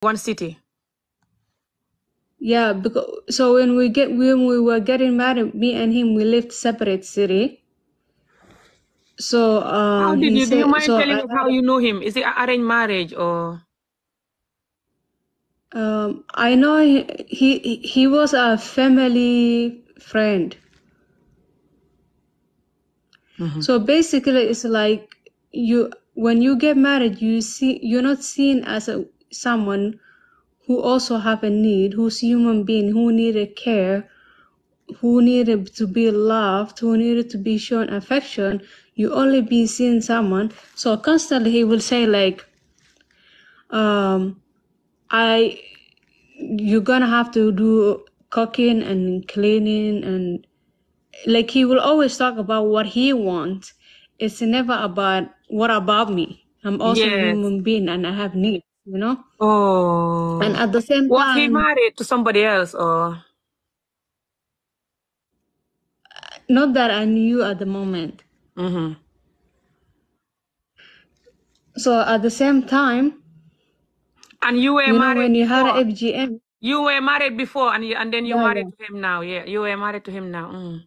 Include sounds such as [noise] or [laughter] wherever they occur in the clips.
one city. Yeah, because so when we get when we were getting married, me and him we lived separate city. So um, how did you said, do you mind so telling I, uh, how you know him? Is it arranged marriage or? Um, I know he, he he was a family friend. Mm -hmm. So basically, it's like you when you get married, you see you're not seen as a someone who also have a need, who's human being, who needed care, who needed to be loved, who needed to be shown affection, you only be seeing someone. So constantly he will say like, um, I, you're have to do cooking and cleaning and like he will always talk about what he wants. It's never about what about me. I'm also human being and I have needs. you know. Oh. And at the same time, was he married to somebody else or? Not that I knew at the moment. Mm-hmm. So at the same time. And you were you married. Know, when you had before, FGM. You were married before, and you, and then you yeah, married yeah. to him now. Yeah, you were married to him now. Mm.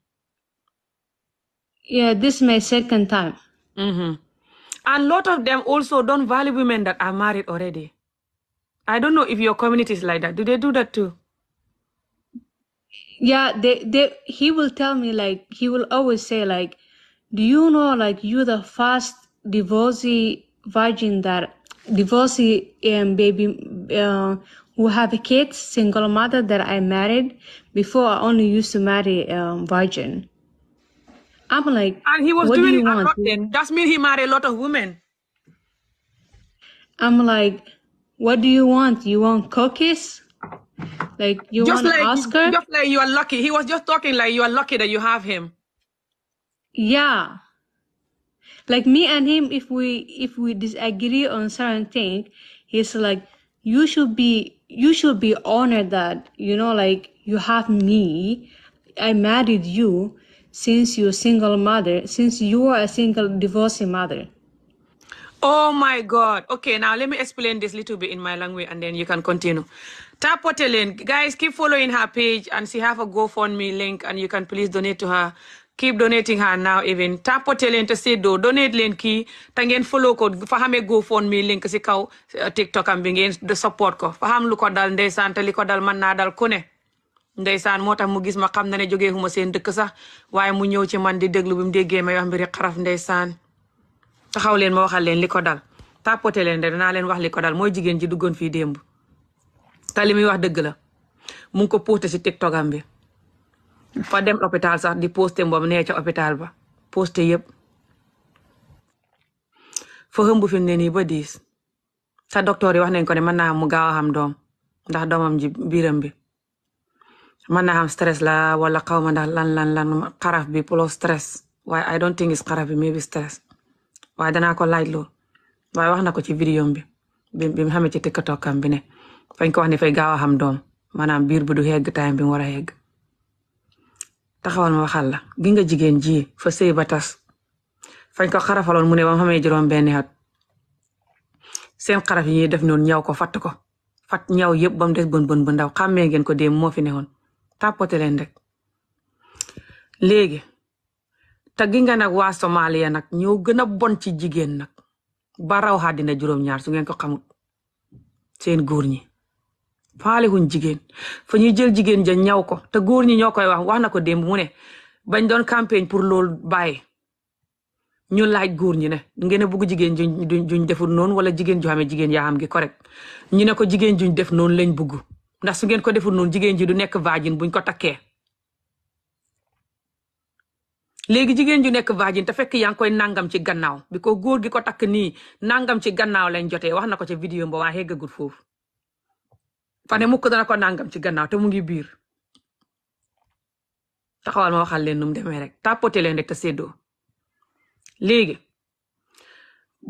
Yeah, this is my second time. Mm-hmm. A lot of them also don't value women that are married already. I don't know if your community is like that. Do they do that too? Yeah, they, they he will tell me like he will always say like, Do you know like you the first divorcee virgin that divorcee um, baby uh, who have a kid, single mother that I married. Before I only used to marry um, virgin. I'm like, and he was doing do it want? nothing. That's mean he married a lot of women. I'm like, what do you want? You want cookies? Like you just want like, Oscar? Just like you are lucky. He was just talking like you are lucky that you have him. Yeah. Like me and him, if we if we disagree on certain thing, he's like, you should be you should be honored that you know like you have me, I married you since you're you are a single divorcee mother? Oh my God. Okay, now let me explain this little bit in my language and then you can continue. Tapotelin, guys, keep following her page and she have a GoFundMe link and you can please donate to her. Keep donating her now even. Tapotelin to say do donate link ki tangen follow ko fahame GoFundMe link si kaw eh, TikTok am support ko. Faham lu ko ko dal man na dal kone. ndeysaan moo tax mu gis ma xam na ne jógee huma seen dëkk sax waaye mu ñëw ci man di déglu bi mu déggee may wax mbiri xaraf ndeysaan taxaw leen ma waxal leen li ko dal tapoté leen de danaa leen wax li ko dal mooy jigéen ji duggoon fi démb te li muy wax dëgg la mu ko posté si TikTok am bi fa dem hôpital sax di posté mboom ne ca hôpital ba posté yëpp fa hëmb fi ne nii ba diis te docteur yi wax nañ ko ne mën naa mu gaaw a doom ndax doomam ji biiram bi mën naa stress la wala xaw ma ndax lan lan lan xaraf bi pulo stress waaye I don't think is xaraf bi maybe stress waaye danaa ko laaj lool waaye wax na ko ci vidéo bi bi bi mu xamee ci TikTok am bi ne fañ ko wax ne fay gaaw a xam doom maanaam biir bu du hegg time bi mu war a hegg taxawal ma waxal la gi nga jigéen ji fa sëy ba tas ko xarafaloon mu ne ba mu xamee juróom benni at seen xaraf yi def noonu ñaw ko fatt ko fatt ñaw yëpp ba mu des bën bën bu ndaw xàmmee ngeen ko dee moo fi ne tàppote leen rek léegi taggi nga nag waa Somalia nag ñoo gën a bon ci jigéen nag ba raw xàddina juróom-ñaar su ngeen ko xamut seen góor ñi faale wuñ jigéen fa ñuy jël jigéen ja ñaw ko te góor ñi ñoo koy wax waa na ko démb mu ne bañ doon campagne pour lool bàyyi ñu laaj góor ñi ne ngeen a bugg jigéen juñ juñ deful noonu wala jigéen ju xamee jigéen yaa xam gi correct ñu ne ko jigéen juñ def noonu lañ bugg ndax su ngeen ko deful noonu jigéen ji du nekk vagin buñ ko takkee léegi jigéen ju nekk vagin te fekk yaa ngi koy nangam ci gannaaw bi ko góor gi ko takk nii nangam ci gannaaw lañ jotee wax na ko ca vidéo ba waa xeggagul foofu fa ne mukk dana ko nangam ci gannaaw te mu ngi biir taxawal ma waxal leen nu mu demee rek tapote leen rek te séddoo léegi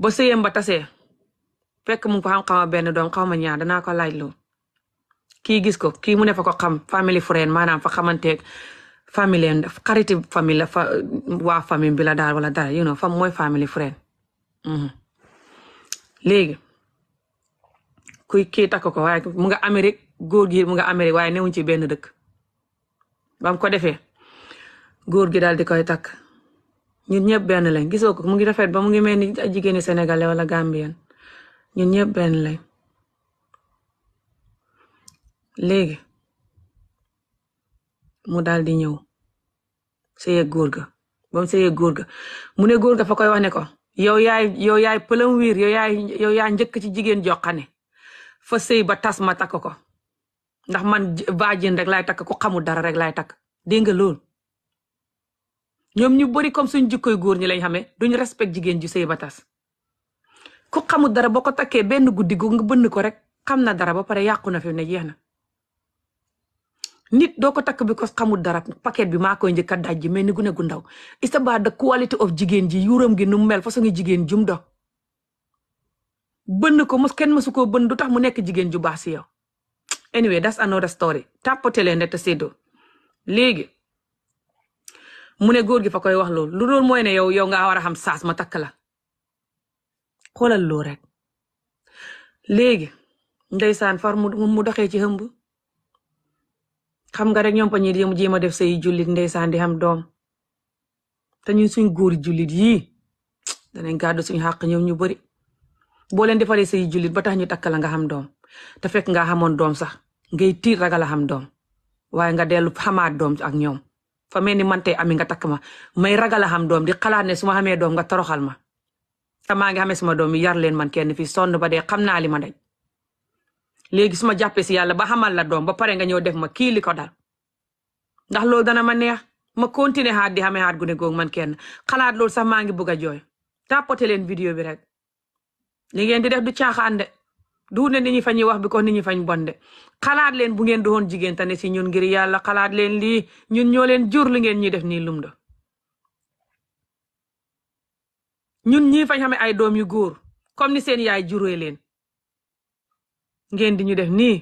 ba sëyem ba tasee fekk mu ko xam xama benn doom xaw ma ñaar danaa ko laaj lool kii gis ko kii mu ne fa ko xam family friend maanaam fa xamanteeg famille en xariti famille la bi la daal wala dara you know fa mooy famili friend mhm. léegi kuy kii takk ko waaye mu nga Amérique góor gi mu nga Amérique waaye newuñ ci benn dëkk bam ko defee góor gi daal di koy takk ñun ñëpp benn lañ gisoo ko mu ngi rafet ba mu ngi mel ni jigéeni sénégalais wala gambien ñun ñëpp benn lañ léegi mu daal di ñëw sëyeeg góor ga ba seye sëyeeg góor ga mu ne góor ga koy wax ne ko yow yaay yow yaay pëlëm wiir yow yay yow yaa njëkk ci jigéen joxane fa sey ba tas ma takk ko ndax man baajin rek laay takk ku xamul dara rek laay takk dégg nga lool ñoom ñu bari kom suñ jikkoy góor ñi lañ xamee duñ respect jigéen ji sëy ba tas ku xamul dara boo ko takkee benn guddi gu nga bënn ko rek xam na dara ba pare yàqu na fi ne jeex na nit doo ko takk bi ko xamul dara paquet bi maa koy njëkk a daj ji mais ni gune gu ndaw it's ba the quality of jigéen ji yuuram gi nu mel façon ngi jigéen jum do bënn ko mos kenn mësu koo bënn du tax mu nekk jigéen ju baax si yow anyway that's another story tàppatelee ne te séddoo léegi mu ne góor gi fa koy wax loolu lu loolu mooy ne yow yow nga war a xam saas ma takk la xoolal loo rek léegi ndeysaan far mu doxee ci hëmb xam nga rek ñoom pañi di jéem a def say jullit ndeysaan di am doom te ñun suñ góori jullit yii danañ gàddu suñ xàq ñoom ñu bëri boo leen defaree say jullit ba tax ñu takk la nga xam doom te fekk nga xamoon doom sax ngay tiit ragal a xam doom waaye nga dellu xamaat doom ak ñoom fa mel ni man tey ami nga takk ma may ragal a xam doom di xalaat ne su ma xamee doom nga toroxal ma ta maa ngi xamee suma doom yi yar leen man kenn fi sonn ba dee xam naa li ma daj léegi su ma jàppee si yàlla ba xamal la doom ba pare nga ñëw def ma kii li ko dal ndax lool dana ma neex ma continuer xaat di xamee xaat gu ne man kenn xalaat lool sax maa ngi bugg a jooy tàppote leen vidéo bi rek li ngeen di def du caaxaan de du ne ni ñi fañuy wax bi ko ni ñi fañ bonde xalaat leen bu ngeen doon jigéen ne si ñun ngir yàlla xalaat leen lii ñun ñoo leen jur li ngeen ñuy def nii lum do ñun ñii fañ xame ay doom yu góor comme ni seen yaay juree leen ngeen di ñu def nii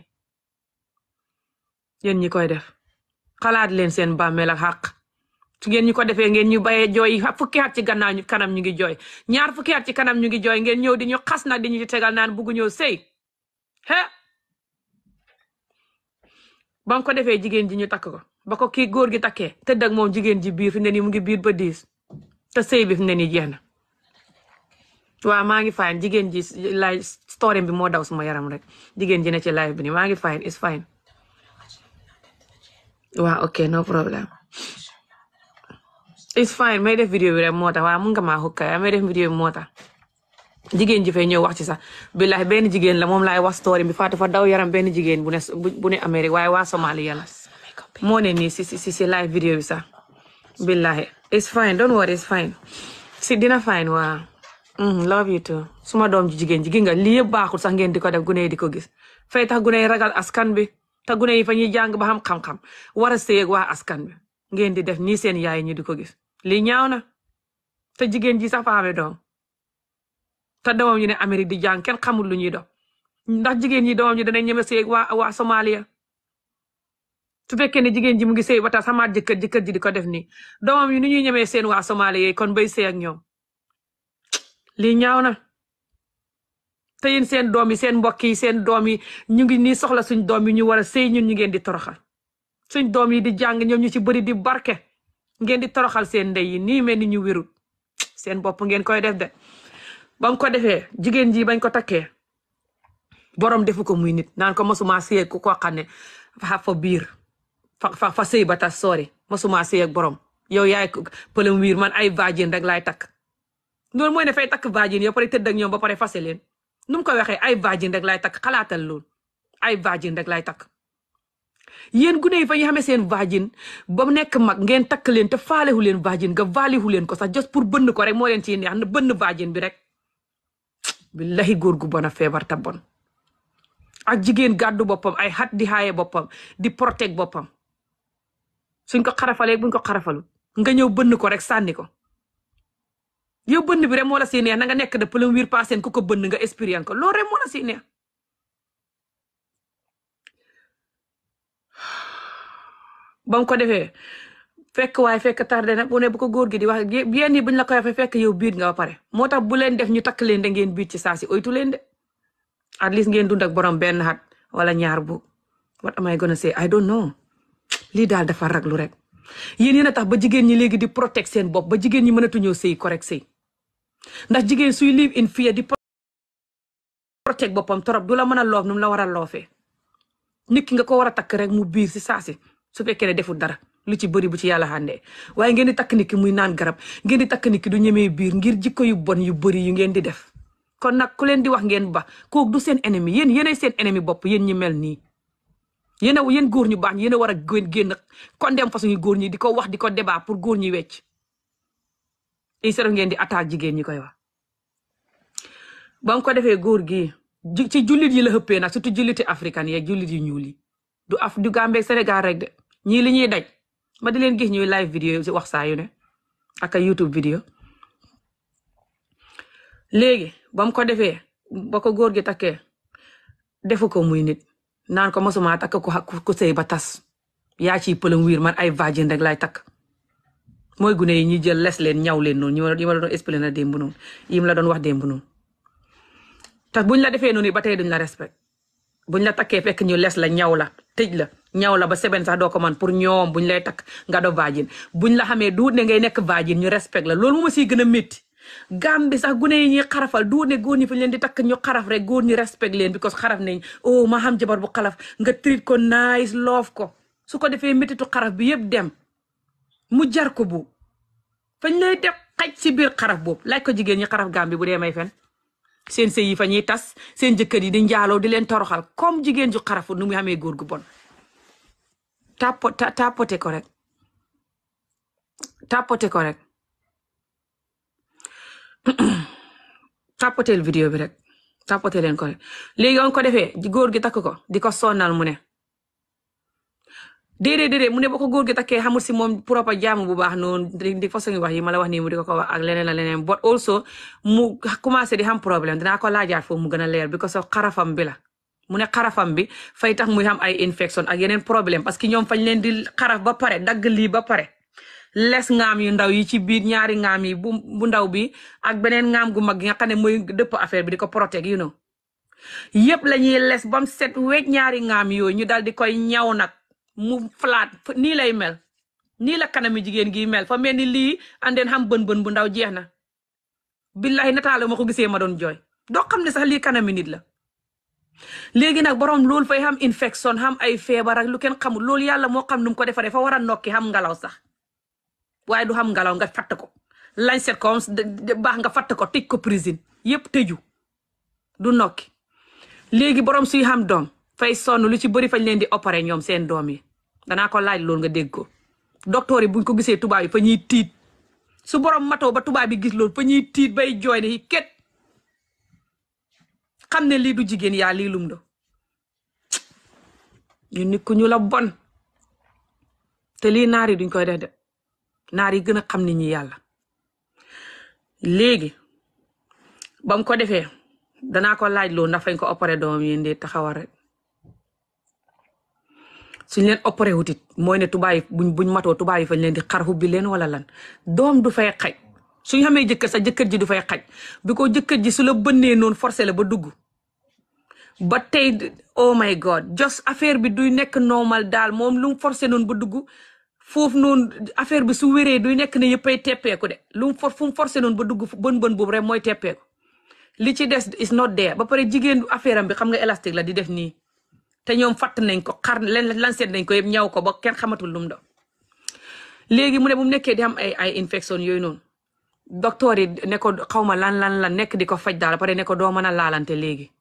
yéen ñi koy def xalaat leen seen bàmmeel ak xàq su ngeen ñu ko defee ngeen ñu baye jooy fukki at ci gannaaw ñu kanam ñu ngi jooy ñaar fukki at ci kanam ñu ngi jooy ngeen ñëw di ñu xas na di ñu ci tegal naan bugg ñëw sëy he ba ko defee jigéen ji ñu takk ko ba ko kii góor gi takkee te ak moom jigéen ji biir fi ne mu ngi biir ba diis te sey bi fi ne nii jeex na maa ngi faan jigéen ji laay story bi moo daw suma yaram rek jigéen ji ne ci live bi ni maa fine it's fine waaw ok no problem it's fine may def vidéo bi rek moo tax waaw mun nga maa xukkaay may def vidéo bi moo tax jigéen ji fay ñëw wax ci sax billahi benn jigéen la moom laay wax story bi Fatou fa daw yaram benn jigéen bu ne bu ne Amérique waaye waa Somalia la moo ne nii si si si live bi sax billahi it's fine don't worry it's fine si dina fine waaw Mm-hmm, love you too suma doom ji jigéen ji gi nga lii baaxul sax ngeen di ko def gune di ko gis fay tax gune yi ragal askan bi te gune yi fa ñuy jàng ba xam xam-xam war a séyeeg waa askan bi ngeen di def nii seen yaay ñu di ko gis lii ñaaw na jigéen ji sax fa amee te doomam ñu ne Amérique di jàng kenn xamul lu ñuy dox ndax jigéen ñi doomam ñu danañ ñeme séyeeg waa waa Somalia su ne jigéen ji mu ngi séy ba tax sama jëkkër jëkkër ji di ko def ni doomam yi ni ñuy ñemee seen waa Somalia kon bay séy ak ñoom lii ñaaw na te yéen seen doom yi seen mbokk yi seen doom yi ñu ngi nii soxla suñ doom yi ñu war a sëy ñun ñu ngeen di toroxal suñ doom yi di jàng ñoom ñu ci bari di barke ngeen di toroxal seen ndey yi nii mel ni ñu wérul seen bopp ngeen koy def de ba ko defee jigéen ji bañ ko takkee borom defu ko muy nit naan ko mosuma sëy ku ko xam ne fa fa biir fa fa sëy ba tas soori mosuma borom yow yaay pëlëm wiir man ay vagin rek laay takk loolu mooy ne fay takk vagin yo pare tëdd ak ñoom ba pare leen nu mu ko waxee ay vagin rek lay takk xalaatal loolu ay vagin rek laay takk yéen gune yi fa ñu xamee seen vagin ba nekk mag ngeen takk leen te faalewu leen vagin nga vaaliwu leen ko sax just pour bënn ko rek moo leen ciy neex na bënn vagin bi rek billahi góor gu bon a feebar ta bon ak jigéen gàddu boppam ay xat di xaaye boppam di protect boppam suñ ko xarafalee buñ ko xarafalu nga ñëw bënn ko rek sànni ko yow bënn bi rek moo la si neex na nga nekk de pëlum wir paaseen ku ko bënn nga expérience ko loolu rek moo la si neex ko defee fekk waay fekk tardé na bu ne bu ko góor gi di wax yenn yi buñ la koy waxee fekk yow biit nga ba pare moo tax bu leen def ñu takk leen de ngeen biit ci saa si oytu leen de at least ngeen dund borom benn at wala ñaar bu what am I gonna say I don't know lii daal dafa raglu rek yéen yéen a tax ba jigéen ñi léegi di protect seen bopp ba jigéen ñi mënatuñoo sëy correct sëy ndax jigéen suy live in fear di protect boppam torop du la mën a loof nu la war a loofe nit ki nga ko war a takk rek mu biir si saasi su fekkee ne deful dara lu ci bëri bu ci yàlla xàndee waaye ngeen di takk nit muy naan garab ngeen di takk nit du ñemee biir ngir jikko yu bon yu bëri yu ngeen di def kon nag ku leen di wax ngeen ba kooku du seen ennemi yéen yenee seen ennemi bopp yéen ñi mel nii yéen a yéen góor ñu baax ñi yéen a war a kon dem condem façon góor ñi di ko wax di ko débat pour góor ñi wecc ISRA ngeen di attaque jigéen ñi koy wax ba mu ko defee góor gi ci jullit yi la xëppee na surtout julliti africain yeeg jullit yu ñuul yi du af du Gambie Sénégal rek de ñii li ñuy daj ma di leen gis ñuy live vidéo si wax saa yu ne ak ay YouTube vidéo léegi ba mu ko defee ba ko góor gi takkee defu ko muy nit naan ko mosuma takk ko ku sëy ba tas yaa ci pëlëm wiir man ay vagin rek laay takk mooy gune yi ñuy jël les leen ñaw leen noonu ñu yi ma la doon expliqué na démb noonu yi mu la doon wax démb noonu te buñ la defee noonu ba tey duñ la respect buñ la takkee fekk ñu les la ñaw la tëj la ñaw la ba seben sax doo ko man pour ñoom buñ lay takk nga do vagin buñ la xamee duut ne ngay nekk vagin ñu respect la loolu moo ma siy gën a métti gam bi sax gune yi ñuy xarafal duut ne góor ñi fi leen di takk ñu xaraf rek góor ñi respect leen because xaraf nañ oh ma xam jabar bu xalaf nga treat ko nice loof ko su ko defee méttitu xaraf bi yëpp dem mu jar ko bu fañ lay def xaj si biir xaraf boobu laaj ko jigéen ñi xaraf Gàmbi bu dee may fen seen sëy yi fa ñuy tas seen jëkkër yi di njaaloo di leen toroxal comme jigéen ju xarafu nu muy amee góor gu bon tapo ko rek tapote ko rek tapoteel [clears throat] vidéo bi rek tapote leen ko rek léegi on ko defee góor gi takk ko di ko sonal mu ne déedéet déedéet mu ne boo ko góor gi takkee xamul si moom propre jaamu bu baax noonu di façon wax yi ma la wax nii mu di ko ko wax ak di xam problème dinaa ko laajaat foofu mu gën a leer bi ko so xarafam bi la mu ne xarafam bi fay tax muy xam ay infection ak yeneen problème parce que ñoom fañ leen di xaraf ba pare dagg lii ba pare les ngaam yu ndaw yi ci biir ñaari ngaam yi bu bu ndaw bi ak beneen ngaam gu mag gi nga xam ne mooy dëpp affaire bi di ko protect you know yëpp la ñuy les bam set weej ñaari ngaam yooyu ñu dal di koy ñaw nag mu flaat nii lay mel nii la kanami jigéen gi mel fa mel ni lii andeen xam bën-bën bu ndaw jeex na billahi nataale moo ko gisee ma doon jooy doo xam ne sax lii kanami nit la léegi nag boroom loolu fay xam infection xam ay feebar lu kenn xamul loolu yàlla moo xam nu mu ko defaree fa war a nokki xam ngalaw sax waaye du xam ngalaw nga fatt ko lañ set baax nga fatt ko tëj ko prison yépp tëju du nokki léegi boroom si xam doom fay sonn lu ci bëri fañ leen di opéré ñoom seen doom yi danaa ko laaj loolu nga dégg ko docteur yi buñ ko gisee tubaab yi fa ñuy tiit su borom matoo ba tubaab yi gis loolu fa ñuy tiit bay jooy ne ket xam ne lii du jigéen yaa lii lum do ñu nit ku ñu la bon te lii naar yi duñ koy def de naar yi gën a xam nit ñi yàlla léegi ba ko defee danaa ko laaj loolu na fañ ko opéré doom yi ndee taxawal suñ leen opéré wutit mooy ne tubaab yi buñ buñ matoo tubaab yi fañ leen di xar hubbi leen wala lan doom du fay xaj suñ xamee jëkkër sa jëkkër ji du fay xaj bi ko jëkkër ji su la bënnee noon forcé la ba dugg ba tey oh my god jos affaire bi duy nekk normal daal moom lu mu noon ba dugg foofu noonu affaire bi su wéree duy nekk ne yëppay teppeeku de lu mu for fu mu forcé noonu ba dugg bën bën boobu rek mooy teppeeku li ci des is not there ba pare jigéen affaire am bi xam nga élastique la di def nii te ñoom fatt nañ ko xar leen lan seet nañ koy yëpp ko ba kenn xamatul lum do léegi mu ne bu mu nekkee di ay ay infection yooyu noon docteur yi ne ko ma lan lan la nekk di ko faj daal pare ne ko doo mën a laalante léegi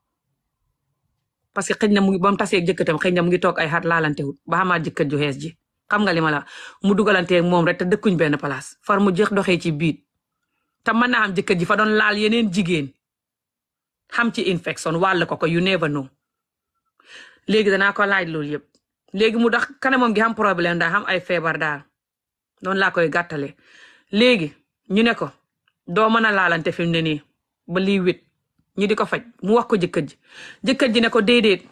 parce que xëy na mu ngi ba tasee jëkkëram xëy na mu ngi toog ay xaat laalante wut ba xamaa jëkkër ju xees ji xam nga li ma la mu dugalantee moom rek te dëkkuñ benn place far mu jeex doxee ci biit te mën naa am jëkkër ji fa doon laal yeneen jigéen xam ci infection wàll ko ko you never know léegi danaa ko laaj loolu yëpp léegi mu dox kanamam gi am problème daa am ay feebar daal noonu laa koy gàttale léegi ñu ne ko doo mën a laalante fi mu ne nii ba lii wét ñu di ko faj mu wax ko jëkkër ji jëkkër ji ne ko déedéet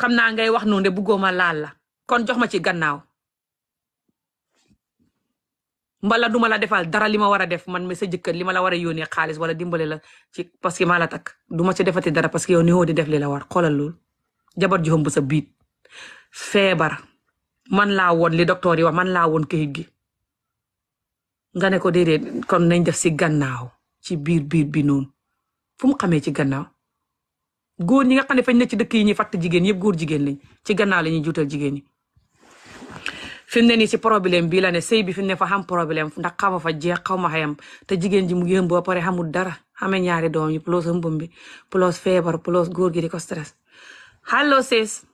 xam naa ngay wax noonu de buggoo ma laal la kon jox ma ci gannaaw mbala duma la defal dara li ma war a def man mi sa jëkkër li ma la war a yónnee xaalis wala dimbale la ci parce que maa la takk duma ci defati dara parce que yow ni def li la war xoolal loolu jabar ji xëmb sa biit feebar man laa woon li docteur yi wax man laa woon këyit gi nga ne ko déedéet kon nañ def si gannaaw ci biir biir bi noonu fu mu xamee ci gannaaw góor ñi nga xam ne fañ ne ci dëkk yi ñuy fàtt jigéen yëpp góor jigéen lañ ci gannaaw la ñuy juutal jigéen ñi fi mu ne nii si problème bi la ne sey bi fi fa xam problème ndax xaw fa jeex xaw ma xayam te jigéen ji mu yëm ba pare xamul dara xame ñaari doom yi plus ëmbam bi plus feebar plus góor gi di Hello, sis.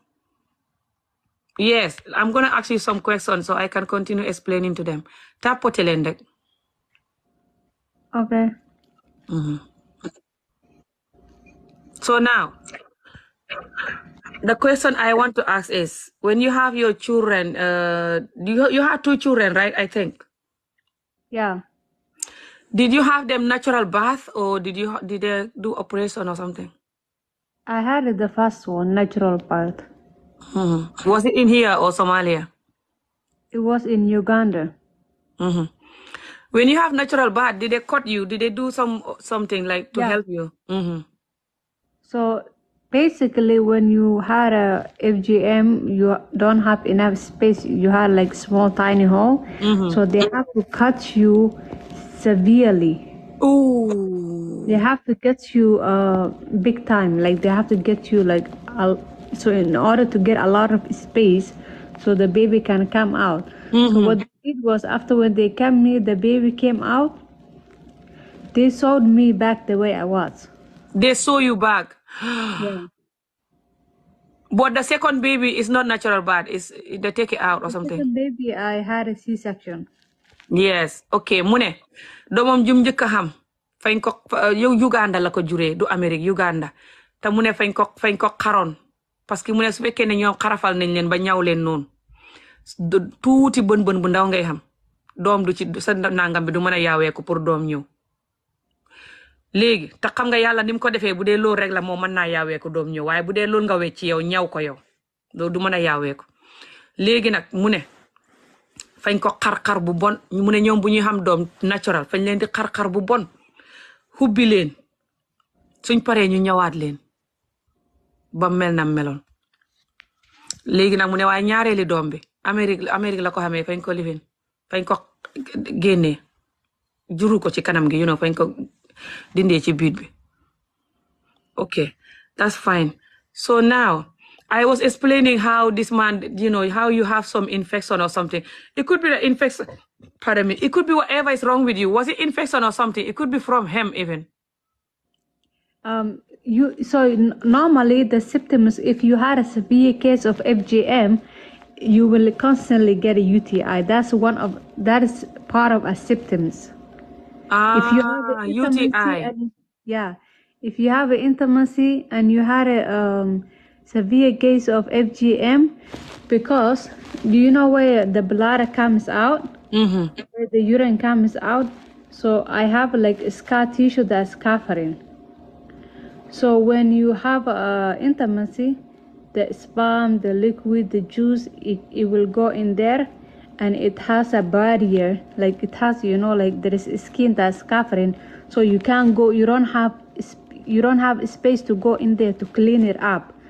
Yes, I'm going to ask you some questions so I can continue explaining to them. Tapote leen rek. Okay. Mm-hmm. So now, the question I want to ask is, when you have your children, uh, you, have two children, right? I think. Yeah. Did you have them natural birth or did you do operation or something? I had the first one, natural birth. Mm -hmm. Was it in here or Somalia? It was in Uganda. Mm -hmm. When you have natural birth, did they cut you? Did they do some something like to yeah. help you? Mm -hmm. So basically, when you had a FGM, you don't have enough space. You had like small tiny hole, mm-hmm. so they have to cut you severely Ooh. They have to get you uh, big time. Like they have to get you like uh, so in order to get a lot of space, so the baby can come out. Mm-hmm. So what they did was after when they came near the baby came out, they sewed me back the way I was. They sew you back. yeah. [gasps] But the second baby is not natural birth. Is they take it out or the something? Second baby, I had a C-section. Yes. Okay, Mune. doomam jum njëkk a xam fañ ko yow Uganda la ko juree du Amérique Uganda te mu ne fañ ko fañ ko xaroon parce que mu ne su fekkee ne ñoom xarafal nañ leen ba ñaw leen noonu tuuti bën bën bu ndaw ngay xam doom du ci sa nangam bi du mën a yaawee ko pour doom ñëw léegi te xam nga yàlla ni ko defee bu dee loolu rek la moom mën naa yaawee doom ñëw waaye bu dee loolu nga wecc yow ñaw ko yow loolu du mën a yaawee nag mu fañ ko xar-xar bu bon mu ne ñoom bu ñuy xam doom natural fañ leen di xar-xar bu bon xubbi leen suñ paree ñu ñëwaat leen ba mel na meloon léegi nag mu ne waaye ñaareeli doom bi Amérique Amérique la ko xamee fañ ko lifin fañ ko génne juru ko ci kanam gi you know fañ ko dindee ci biit bi ok that's fine so now I was explaining how this man, you know, how you have some infection or something. It could be the infection, pardon me, it could be whatever is wrong with you. Was it infection or something? It could be from him even. Um, you So normally the symptoms, if you had a severe case of FGM, you will constantly get a UTI. That's one of, that is part of our symptoms. Ah, if you have UTI. Ah, and, yeah. If you have an intimacy and you had a, um, severe case of FGM because do you know where the bladder comes out? mm the urine comes out. So I have scar tissue that's covering. So when you have uh, intimacy, the sperm, the liquid, the juice, it, will go in there and it has a barrier like it has you know like there is skin that's have space to go in there to clean it up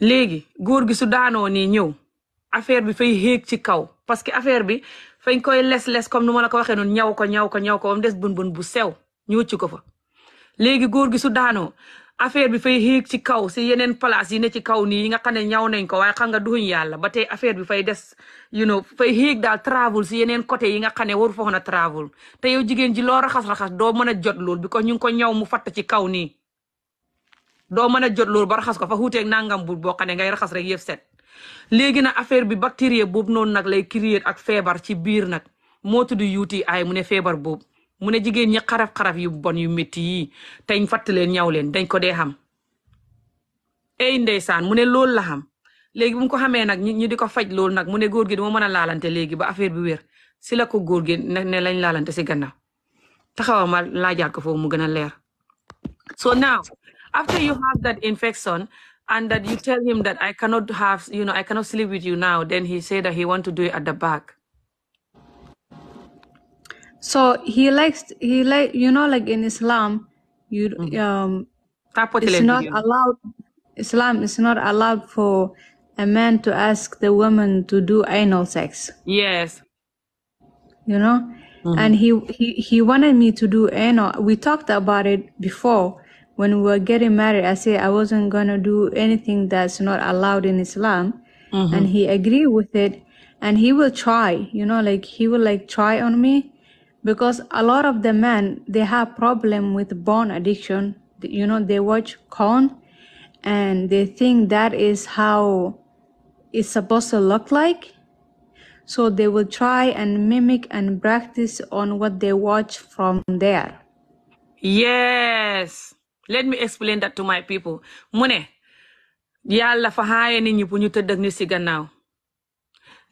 léegi góor gi su daanoo nii ñëw affaire bi fay xéeg ci kaw parce que affaire bi fay koy les-les comme nu ma la ko waxee noonu ñaw ko ñaw ko ñaw ko ba mu des bun bun bu sew ñu wëcc ko fa léegi góor gi su daanoo affaire bi fay xéeg ci kaw si yeneen place yi ne ci kaw nii yi nga xam ne ñaw nañ ko waaye xam nga duñ yàlla ba tey affaire bi fay des you know fay xéeg daal travel si yeneen côté yi nga xam ne waru fa a travel te yow jigéen ji loo raxas-raxas doo mën a jot lool bi ko ñu ngi ko ñaw mu fatt ci kaw nii doo mën a jot loolu ba raxas ko fa xuuteeg nangam bu boo xam ngay raxas rek yëf set léegi nag affaire bi bactérie boobu noonu nag lay créer ak feebar ci biir nag moo tudd UTI mu ne feebar boobu mu ne jigéen ñi xaraf-xaraf yu bon yu métti yi teñ fàttali leen ñaw leen dañ ko dee xam ey ndeysaan mu ne loolu la xam léegi bu ko xamee nag ñi di ko faj loolu nag mu ne góor gi duma mën a laalante léegi ba affaire bi wér si la ko góor gi ne lañ laalante si gannaaw taxawal ma laajaat ko foofu mu gën a leer after you have that infection and that you tell him that I cannot have, you know, I cannot sleep with you now, then he said that he want to do it at the back. So he likes, he like, you know, like in Islam, you mm -hmm. um, it's not video. allowed. Islam is not allowed for a man to ask the woman to do anal sex. Yes. You know, mm -hmm. and he, he he wanted me to do anal. We talked about it before, when we were getting married, I said I wasn't going to do anything that's not allowed in Islam. Mm-hmm. And he agreed with it. And he will try, you know, like he will like try on me because a lot of the men, they have problem with porn addiction. You know, they watch porn and they think that is how it's supposed to look like. So they will try and mimic and practice on what they watch from there. Yes. let me explain that to my people mu ne yàlla fa xaaye nit ñi bu ñu tëdd ak nit si gannaaw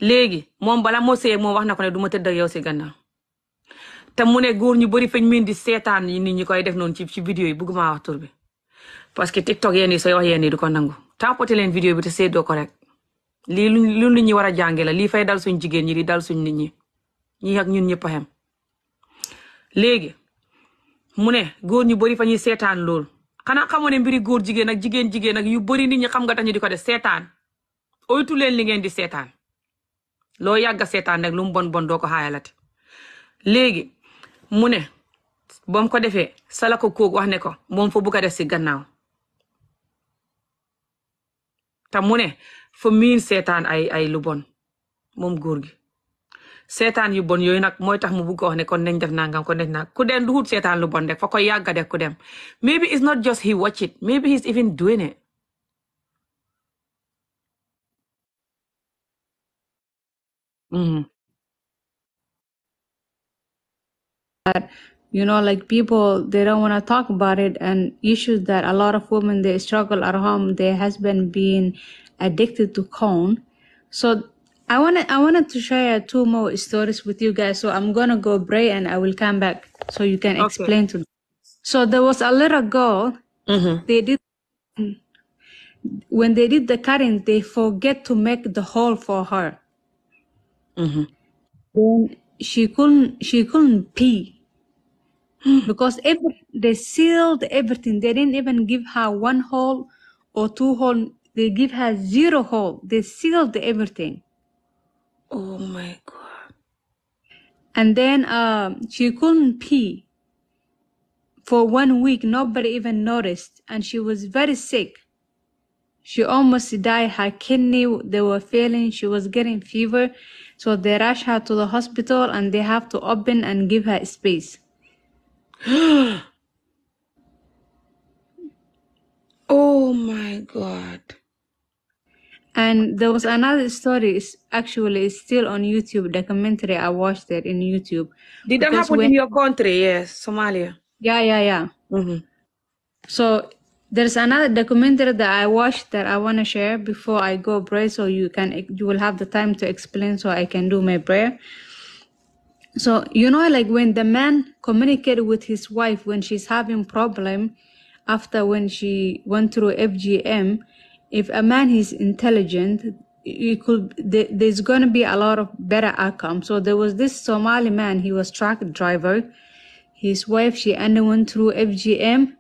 léegi moom bala moo sëy moom wax na ko ne du ma tëdd ak yow si te mu ne góor ñu bëri fañ miin di seetaan nit ñi koy def noonu ci ci vidéo yi bëgguma wax tur bi parce que TikTok yéen yi sooy wax yéen yi du ko nangu tàmpati leen vidéo bi te seedoo ko rek lii lu nit ñi war a jànge la lii fay dal suñ jigéen ñi di dal suñ nit ñi ñi ak ñun ñëpp a xam mu ne góor ñu bëri fa ñuy seetaan lool xanaa xamoo ne mbiri góor jigéen ak jigéen jigéen ak yu bari ni ñi xam nga tax ñu di ko def seetaan oytu leen li ngeen di seetaan loo yàgg seetaan nag lu mu bon bon doo ko xaayalate léegi mu ne ba ko defee sala ko kóog wax ne ko moom fa bu ko def si gannaaw te mu ne fa miin seetaan ay ay lu bon moom góor gi seetaan yu bon yooyu nag mooy tax mu bugg wax ne kon nañ def nangam kon def nangam ku den du hut seetaan lu bon rek fa koy yàgga def ku dem maybe it's not just he watch it maybe he's even doing it Mm. But, you know, like people, they don't want to talk about it and issues that a lot of women, they struggle at home. Their husband being addicted to cone. I wanna to share two more stories with you guys. So I'm gonna go pray and I will come back so you can explain to them. there was a little girl. Mm-hmm. They did when they did the cutting, they forget to make the hole for her. Mm-hmm. Then she couldn't she [gasps] because every, they sealed everything. They didn't even give her one hole or two hole. They give her zero hole. They sealed everything. Oh my god. And then um, she couldn't pee for one week. Nobody even noticed, and she was very sick. She almost died. Her kidney they were failing. She was getting fever, so they rush her to the hospital, and they have to open and give her space. [gasps] oh my god. And there was another story, it's actually it's still on YouTube, documentary. I watched it in YouTube. Did that happen when, in your country? Yes, Somalia. Yeah, yeah, yeah. Mm -hmm. So there's another documentary that I watched that I want to share before I go pray, so you can you will have the time to explain, so I can do my prayer. So you know, like when the man communicated with his wife when she's having problem, after when she went through FGM, if a man is intelligent you could there, there's going to be a lot of better outcome so there was this somali man he was truck driver his wife she underwent through fgm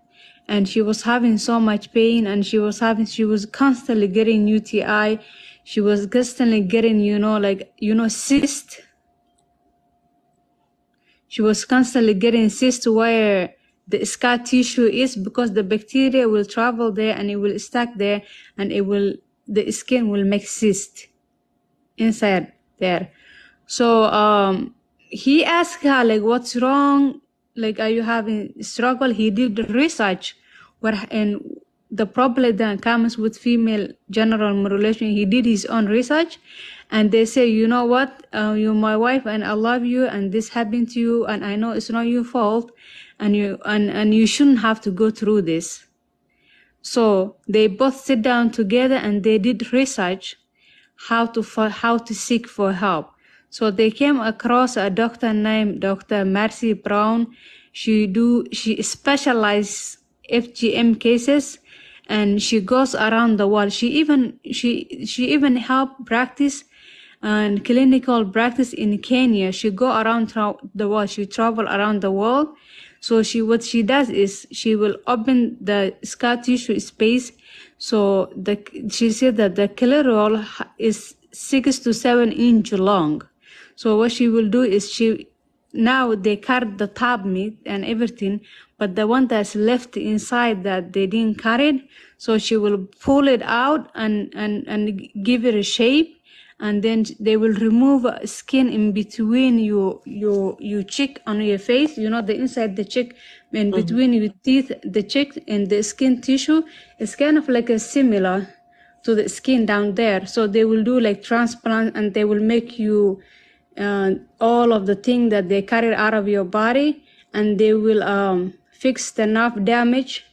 and she was having so much pain and she was having she was constantly getting uti she was constantly getting you know like you know cyst she was constantly getting cyst where the scar tissue is because the bacteria will travel there and it will stuck there and it will the skin will make cyst inside there so um, he asked her like what's wrong like are you having struggle he did the research what and the problem that comes with female genital mutilation he did his own research and they say you know what uh, you're my wife and i love you and this happened to you and i know it's not your fault and you shouldn't have to go through this so they both sit down together and they did research how to seek for help so they came across a doctor named dr mercy brown she do fgm cases and she goes around the world she even she she even helped practice and clinical practice in kenya she go around the world she travel around the world So she what she does is she will open the scar space. she said that the clitoral is six to seven inch long. So what she will do is she now they cut the top meat and everything, but the one that's left inside they didn't cut So she will pull it out and give it a shape and then they will remove skin in between your your your cheek on your face you know the inside the cheek and mm-hmm. between mm-hmm. your teeth the cheek and the skin tissue it's kind of like a similar to the skin down there so they will do like transplant and they will make you uh, all of the thing that they carried out of your body and they will um, fix the nerve damage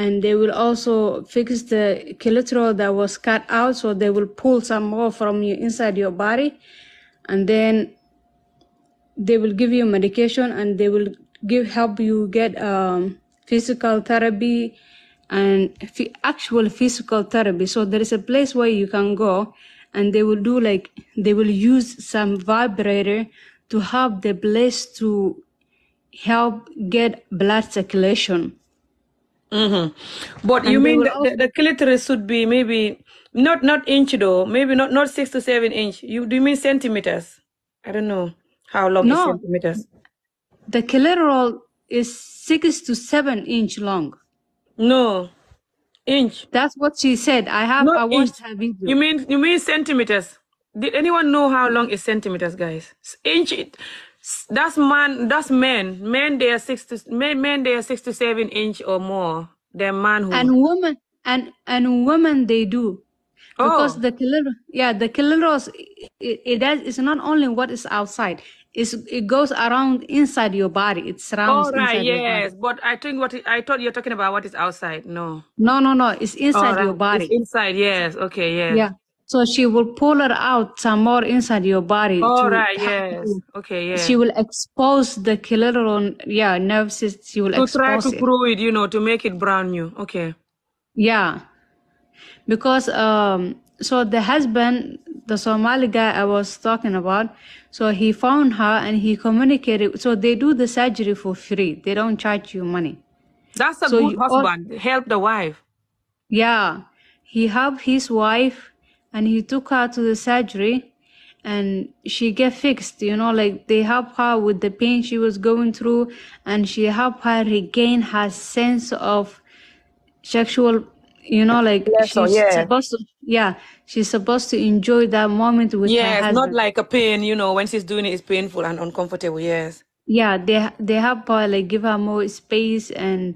and they will also fix the clitoral that was cut out so they will pull some more from you inside your body and then they will give you medication and they will give help you get um, physical therapy and actual physical therapy so there is a place where you can go and they will do like they will use some vibrator to help the place to help get blood circulation Mm-hmm. But and you mean the, the, should be maybe not not inch though, maybe not not six to seven inch. You do you mean centimeters? I don't know how long no, centimeters. The clitoral is six to seven inch long. No, inch. That's what she said. I have. Not I watched inch. video. You mean you Did anyone know how long is centimeters, guys? Inch. that's man that's men men they are six to men, men they are six to seven inch or more they're manhood and women and and women they do oh. because the clitoris yeah the clitoris it, it does it's not only what is outside it's, it goes around inside your body it surrounds all right yes but i think what i thought you're talking about what is outside no no no no it's inside right. your body it's inside yes okay yes yeah So she will pull it out some more inside your body. All to, right, yes. Okay, yes. She will expose the clitoral, yeah, nerve system. She will to expose try to it. prove it, you know, to make it brand new. Okay. Yeah, because um, so the husband, the Somali guy I was talking about, so he found her and he communicated. So they do the surgery for free. They don't charge you money. That's a so good husband. All, help the wife. Yeah, he helped his wife and he took her to the surgery and she get fixed you know like they help her with the pain she was going through and she help her regain her sense of sexual you know like Lesson, she's yeah. supposed to yeah she's supposed to enjoy that moment with yeah it's not like a pain you know when she's doing it it's painful and uncomfortable yes yeah they they help her like give her more space and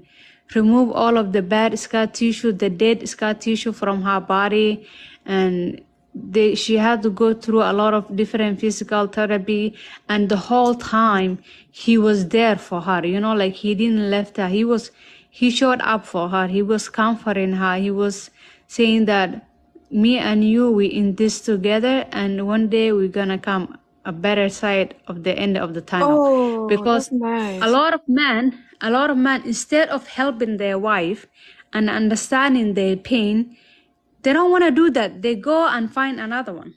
remove all of the bad scar tissue the dead scar tissue from her body and they, she had to go through a lot of different physical therapy and the whole time he was there for her you know like he didn't left her he was he showed up for her he was comforting her he was saying that me and you we in this together and one day we're gonna come a better side of the end of the tunnel oh, because nice. a lot of men a lot of men instead of helping their wife and understanding their pain They don't want to do that. They go and find another one.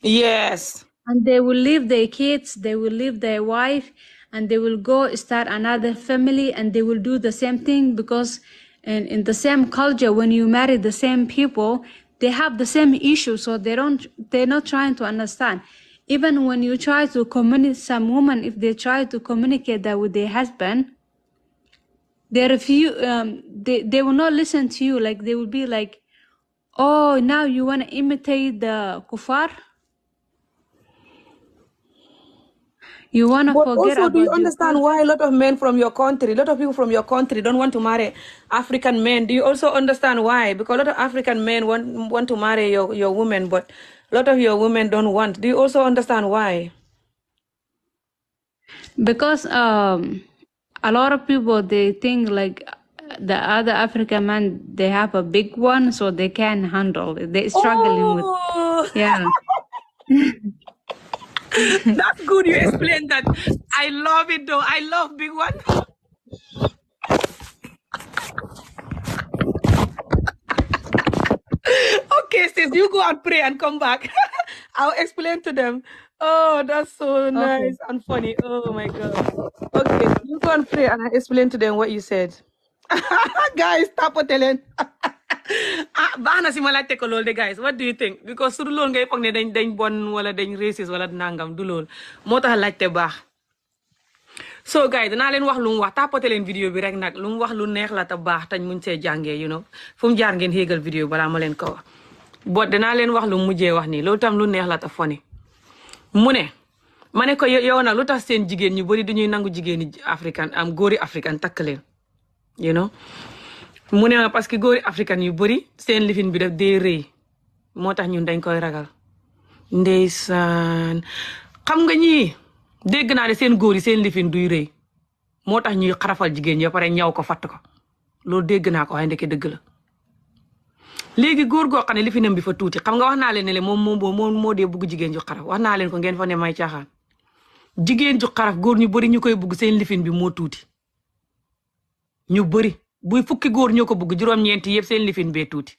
Yes. And they will leave their kids, they will leave their wife, and they will go start another family and they will do the same thing because in, in the same culture, when you marry the same people, they have the same issue. So they don't, they're not trying to understand. Even when you try to communicate, some women, if they try to communicate that with their husband, they refuse, um, they, they will not listen to you. Like they will be like, Oh, now you want to imitate the kuffar? You want to but forget also, do you understand why a lot of men from your country, a lot of people from your country don't want to marry African men? Do you also understand why? Because a lot of African men want want to marry your, your women, but a lot of your women don't want. Do you also understand why? Because um, a lot of people, they think like the other African man they have a big one, so they can handle. They struggling with oh. yeah. [laughs] That's good. You explained that. I love it though. I love big one. [laughs] okay, you go and pray and come back. [laughs] I'll explain to them. Oh, that's so nice okay. Oh my God. Okay, you go and pray and I explain to them what you said. [laughs] guys tapote leen [laughs] ah baax na si ma laajte ko loolu de guys what do you think because sur loolu ngay foog ne dañ dañ bon wala dañ racist wala nangam du lool moo tax laajte baax so guys danaa leen wax lu mu wax tapote leen vidéo bi rek nag lu mu wax lu neex la baax tañ muñ see jàngee you know fu mu jaar ngeen xéegal vidéo balaa ma leen ko wax bot dana leen wax lu mujjee wax nii loolu tax lu neex la te foni mu ne ma ne ko yow nag lu tax seen jigéen ñu bëri du ñuy nangu jigéeni african am góori african takk leen you mu ne ma parce que góori africain yu bëri seen lifin bi def dee rëy moo tax ñun dañ koy ragal ndeysaan xam nga ñii dégg naa ne seen góor yi seen lifin duy rëy moo tax ñuy xarafal jigéen ñi ba pare ñaw ko fatt ko loolu dégg naa ko waaye ndeke dëgg la léegi góor goo xam ne lifinam bi fa tuuti xam nga wax naa leen ne moom moom moom moo dee bugg jigéen ju xaraf wax naa leen ko ngeen fa ne may caaxaan jigéen ju xaraf góor ñu bëri ñu koy bugg seen lifin bi moo tuuti ñu bëri buy fukki góor ñoo ko bëgg juróom-ñeenti yëpp seen lifin bee tuuti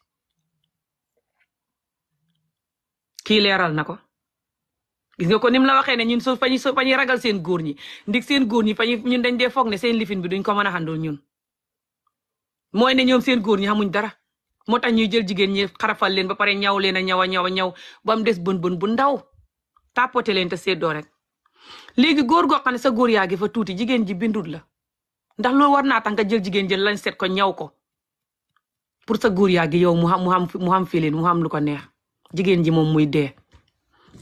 kii leeral na ko gis nga ko ni mu la waxee ne ñun so fañu so fañuy ragal seen góor ñi ndik seen góor ñi fañu ñun dañ dee foog ne seen lifin bi duñ ko mën a xandul ñun mooy ne ñoom seen góor ñi xamuñ dara moo tax ñuy jël jigéen ñi xarafal leen ba pare ñaw leen a ñaw a ñaw a ñaw ba mu des bën bën bu ndaw tapote leen te seddoo rek léegi góor goo xam sa góor yaa fa tuuti jigéen ji bindut la ndax loolu war naa tax nga jël jigéen jël lañ seet ko ñaw ko pour sa góor yaa gi yow mu xam mu xam mu xam filin mu xam lu ko neex jigéen ji moom muy dee.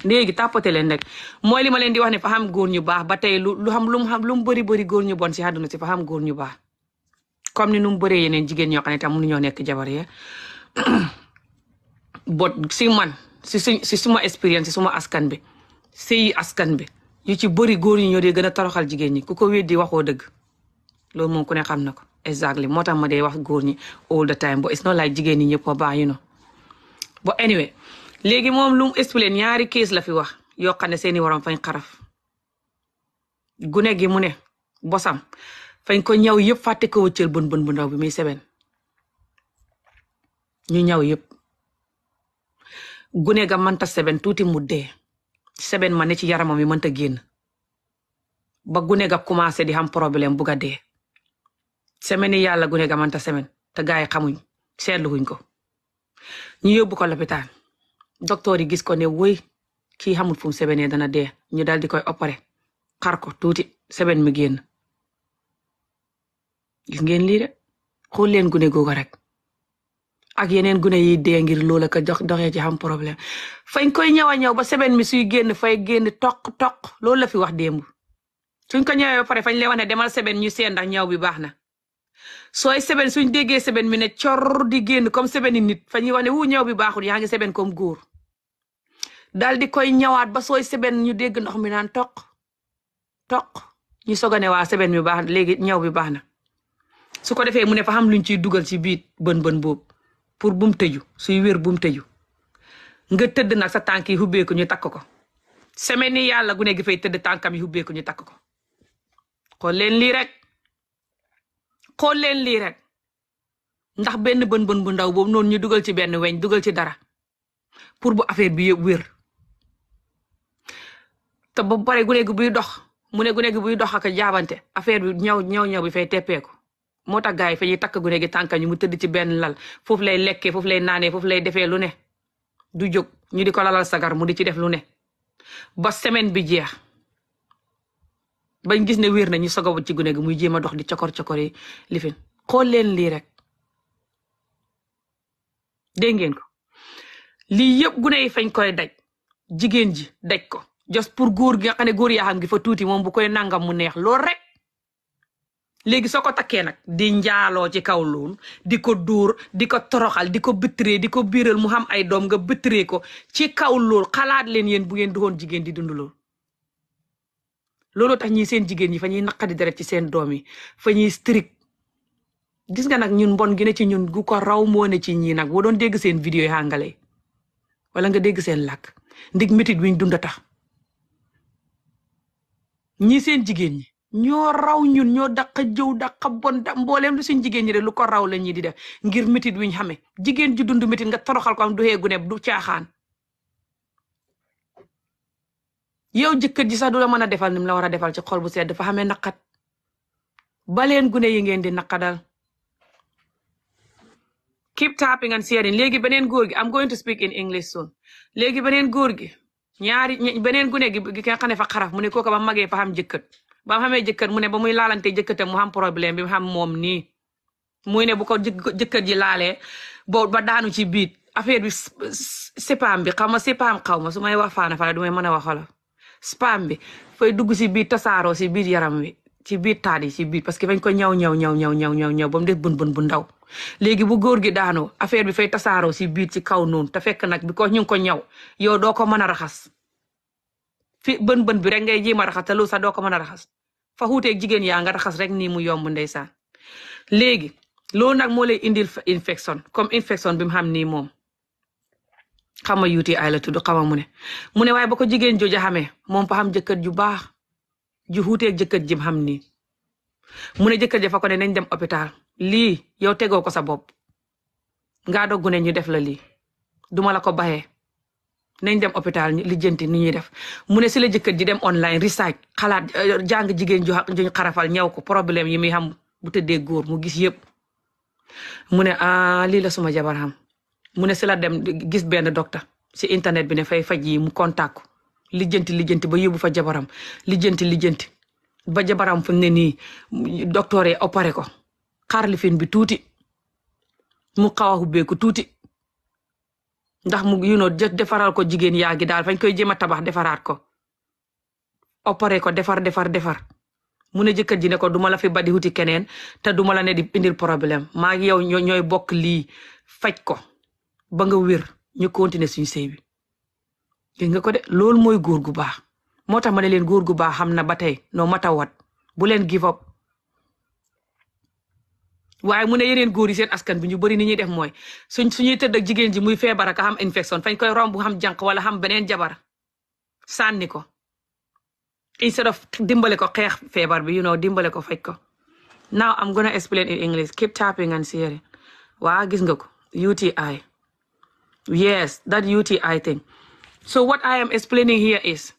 léegi tàppate leen rek mooy li ma leen di wax ne fa xam góor ñu baax ba tey lu lu xam lu mu xam lu mu bëri bëri góor ñu bon si àdduna si fa xam góor ñu baax comme ni nu mu bëree yeneen jigéen ñoo xam ne tam mënuñoo nekk jabar ya bot [clears throat] si man si su suma expérience si suma askan bi si askan bi yu ci bari góor ñi ñoo dee gën a toroxal jigéen ñi ku ko weddi waxoo dëgg. loolu moom ku ne xam na ko exactly moo tax ma dee wax góor ñi all the time but it's not like jigéen ñi ñëpp a baax you know but anyway léegi moom lu mu ñaari kees la fi wax yoo xam ne seeni waroon fañ xaraf gune gi mu ne bosam fañ ko ñaw yëpp fàtte ko wëccël bën bën bu ndaw bi muy seben ñu ñaw yëpp gune ga mënta seben tuuti mu dee seben ma ne ci yaramam yi mënta génn ba gune ga commencé di am problème bu ga dee semaine yi yàlla gune gamanta semaine te gars yi xamuñ seetluwuñ ko ñu yóbbu ko lopitaan docteur yi gis ko ne woy kii xamul fu mu dana dee ñu dal di koy opéré xar ko tuuti semaine mi génn gis ngeen lii de xool leen gune googu rek ak yeneen gune yi dee ngir loola ko jox doxee ci xam problème fañ koy ñëw a ba semaine mi suy génn fay génn toq toq loolu la fi wax démb suñ ko ñëwee ba pare fañ leen wax ne demal semaine ñu seen ndax ñaw bi baax na sooy seben suñ déggee seben mi ne cor di génn comme sebeni nit fa ñuy wax ne wu ñëw bi baaxul yaa ngi seben comme góor dal di koy ñawaat ba sooy seben ñu dégg ndox mi naan toq toq ñu soog waa seben mi baax léegi ñaw bi baax na su ko defee mu ne fa xam luñ ciy dugal si biit bën bën boobu pour bum tëju suy wér bum tëju nga tëdd nag sa tànk yi xubbeeku ñu takk ko semaine yi yàlla gune gi fay tëdd tànkam yi xubbeeku ñu takk ko xool leen lii rek xool leen lii rek ndax benn bën bën bu ndaw boobu noonu ñu dugal ci benn weñ dugal ci dara pour bu affaire bi yëpp wér te ba pare gune gi buy dox mu ne gune gi buy dox ak jaabante affaire bi ñaw ñaw ñaw bi fay teppeeku moo tax gars yi fa ñuy takk gune gi tànka ñu mu tëdd ci benn lal foofu lay lekkee foofu lay naanee foofu lay defee lu ne du jóg ñu di ko lalal sagar mu di ci def lu ne ba semaine bi jeex bañ gis ne wér na ñu soog ci gune gi mu jéem a dox di cokor cokor yi lifin xool leen lii rek dégg ngeen ko lii yëpp gune yi fañ koy daj jigéen ji daj ko jos pour góor gi nga xam ne góor yaa xam gi fa tuuti moom bu koy nangam mu neex lool rek léegi soo ko takkee nag di njaaloo ci kaw lool di ko dóor di ko toroxal di ko bitiree di ko biiral mu xam ay doom nga bitiree ko ci kaw lool xalaat leen yéen bu ngeen doxoon jigéen di dund loolu looloo tax ñi seen jigéen ñi fa ñuy naqadi deret ci seen doom yi fa ñuy strict gis nga nag ñun mbon gi ne ci ñun gu ko raw moone ci ñii nag boo doon dégg seen vidéo yi àngale wala nga dégg seen làkk ndig métit wiñ dunda tax ñii seen jigéen ñi ñoo raw ñun ñoo daq jëw daq bon da mbooleem lu suñ jigéen ñi de lu ko raw la ñi di def ngir métit wiñ xame jigéen ji dund métit nga toroxal ko am du xeegu ne du caaxaan yow jëkkër ji sax du la mën a defal ni la war a defal ci xol bu sedd dafa xamee naqat baleen gune yi ngeen di naqadal keep tapping and sharing léegi beneen góor gi am going to speak in English soon léegi beneen góor gi ñaari beneen gune gi ki nga xam ne fa xaraf mu ne kooka ba mu magee fa xam jëkkër ba mu xamee jëkkër mu ne ba muy laalante jëkkëram mu xam problème bi mu xam moom nii muy ne bu ko jëkkër ji laalee bo ba daanu ci biit affaire bi sépaam bi xaw ma sépaam xaw ma su may wax faana fana du mën a wax wolof spam bi fay dugg si biir tasaaroo si biir yaram wi ci biir taat yi ci parce que fañ ko ñaw ñaw ñaw ñaw ñaw ñaw ñaw ba mu def bun bun bu ndaw léegi bu góor gi daanu affaire bi fay tasaaroo si biir ci kaw noonu te fekk nag bi ko ñu ngi ko ñaw yow doo ko mën a raxas fi bën bën bi rek ngay jéem a raxas te loolu sax doo ko mën a raxas fa xuuteeg jigéen yaa nga raxas rek nii mu yomb ndeysaan léegi loolu nag moo lay indil infection comme infection bi mu xam nii moom xama yuuti ay la tudd xama mu ne mu ne waaye ba ko jigéen jooja xamee moom fa xam jëkkër ju baax ju xuuteeg jëkkër jim xam nii mu ne jëkkër ja fa ko ne nañ dem hôpital lii yow tegoo ko sa bopp ngaa doggu ne ñu def la lii duma la ko baxee nañ dem hôpital lijjanti ni ñuy def mu ne si la jëkkër ji dem online research xalaat euh, jàng jigéen ju xarafal ñaw ko problème yi muy xam bu tëddee góor mu gis yëpp mu ne ah, lii la suma jabar xam mu ne si la dem gis benn docteur si internet bi ne fay faj mu contact ko lijjanti lijjanti ba yóbbu fa jabaram lijjanti lijjanti ba jabaram fu ne nii docteur yi opéré ko xaaralifin bi tuuti mu xaw a ubbeeku tuuti ndax mu you know defaral ko jigéen yaa daal fañ koy jéem a tabax defaraat ko opéré ko defar defar defar mu ne jëkkër ji ne ko duma la fi badi wuti keneen te duma la ne di indil problème maa ngi yow ñooy bokk lii faj ko ba nga wér ñu continuer suñu sëy bi dégg nga ko de loolu mooy góor gu baax moo tax ma ne leen góor gu baax xam na ba tey noo matawat bu leen give up waaye mu ne góor yi seen askan bi ñu bëri ni ñuy def mooy suñ suñuy tëdd ak jigéen ji muy feebar ak xam infection fañ koy romb xam jànq wala xam beneen jabar sànni ko instead of dimbale ko xeex feebar bi you know dimbale ko faj ko now am gonna explain in English keep tapping and sharing waa gis nga ko Yes, that UTI thing. So what I am explaining here is,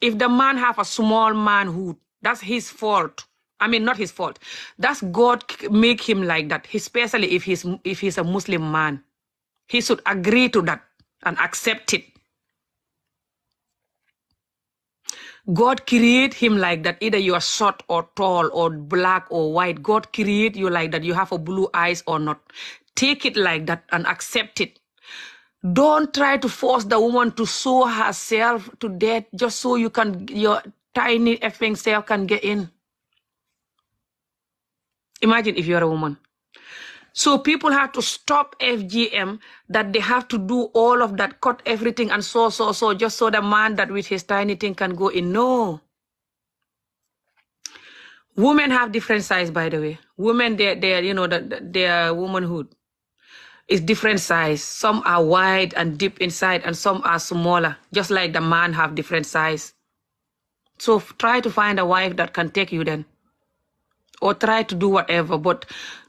if the man have a small manhood, that's his fault. I mean, not his fault. That's God make him like that. Especially if he's a Muslim man, he should agree to that and accept it. God create him like that. Either you short or tall or black or white. God create you like that. You have a blue eyes or not. Take it like that and accept it. don't try to force the woman to sew herself to death just so you can get in imagine if you're a woman so people have to stop FGM that they have to do all of that cut everything and so so just so the man that with his tiny thing can go in no women have different size by the way women their womanhood is different size. Some are wide and deep inside and some are smaller, just like the man have different size. So try to find a wife that can take you then. Or try to do whatever, but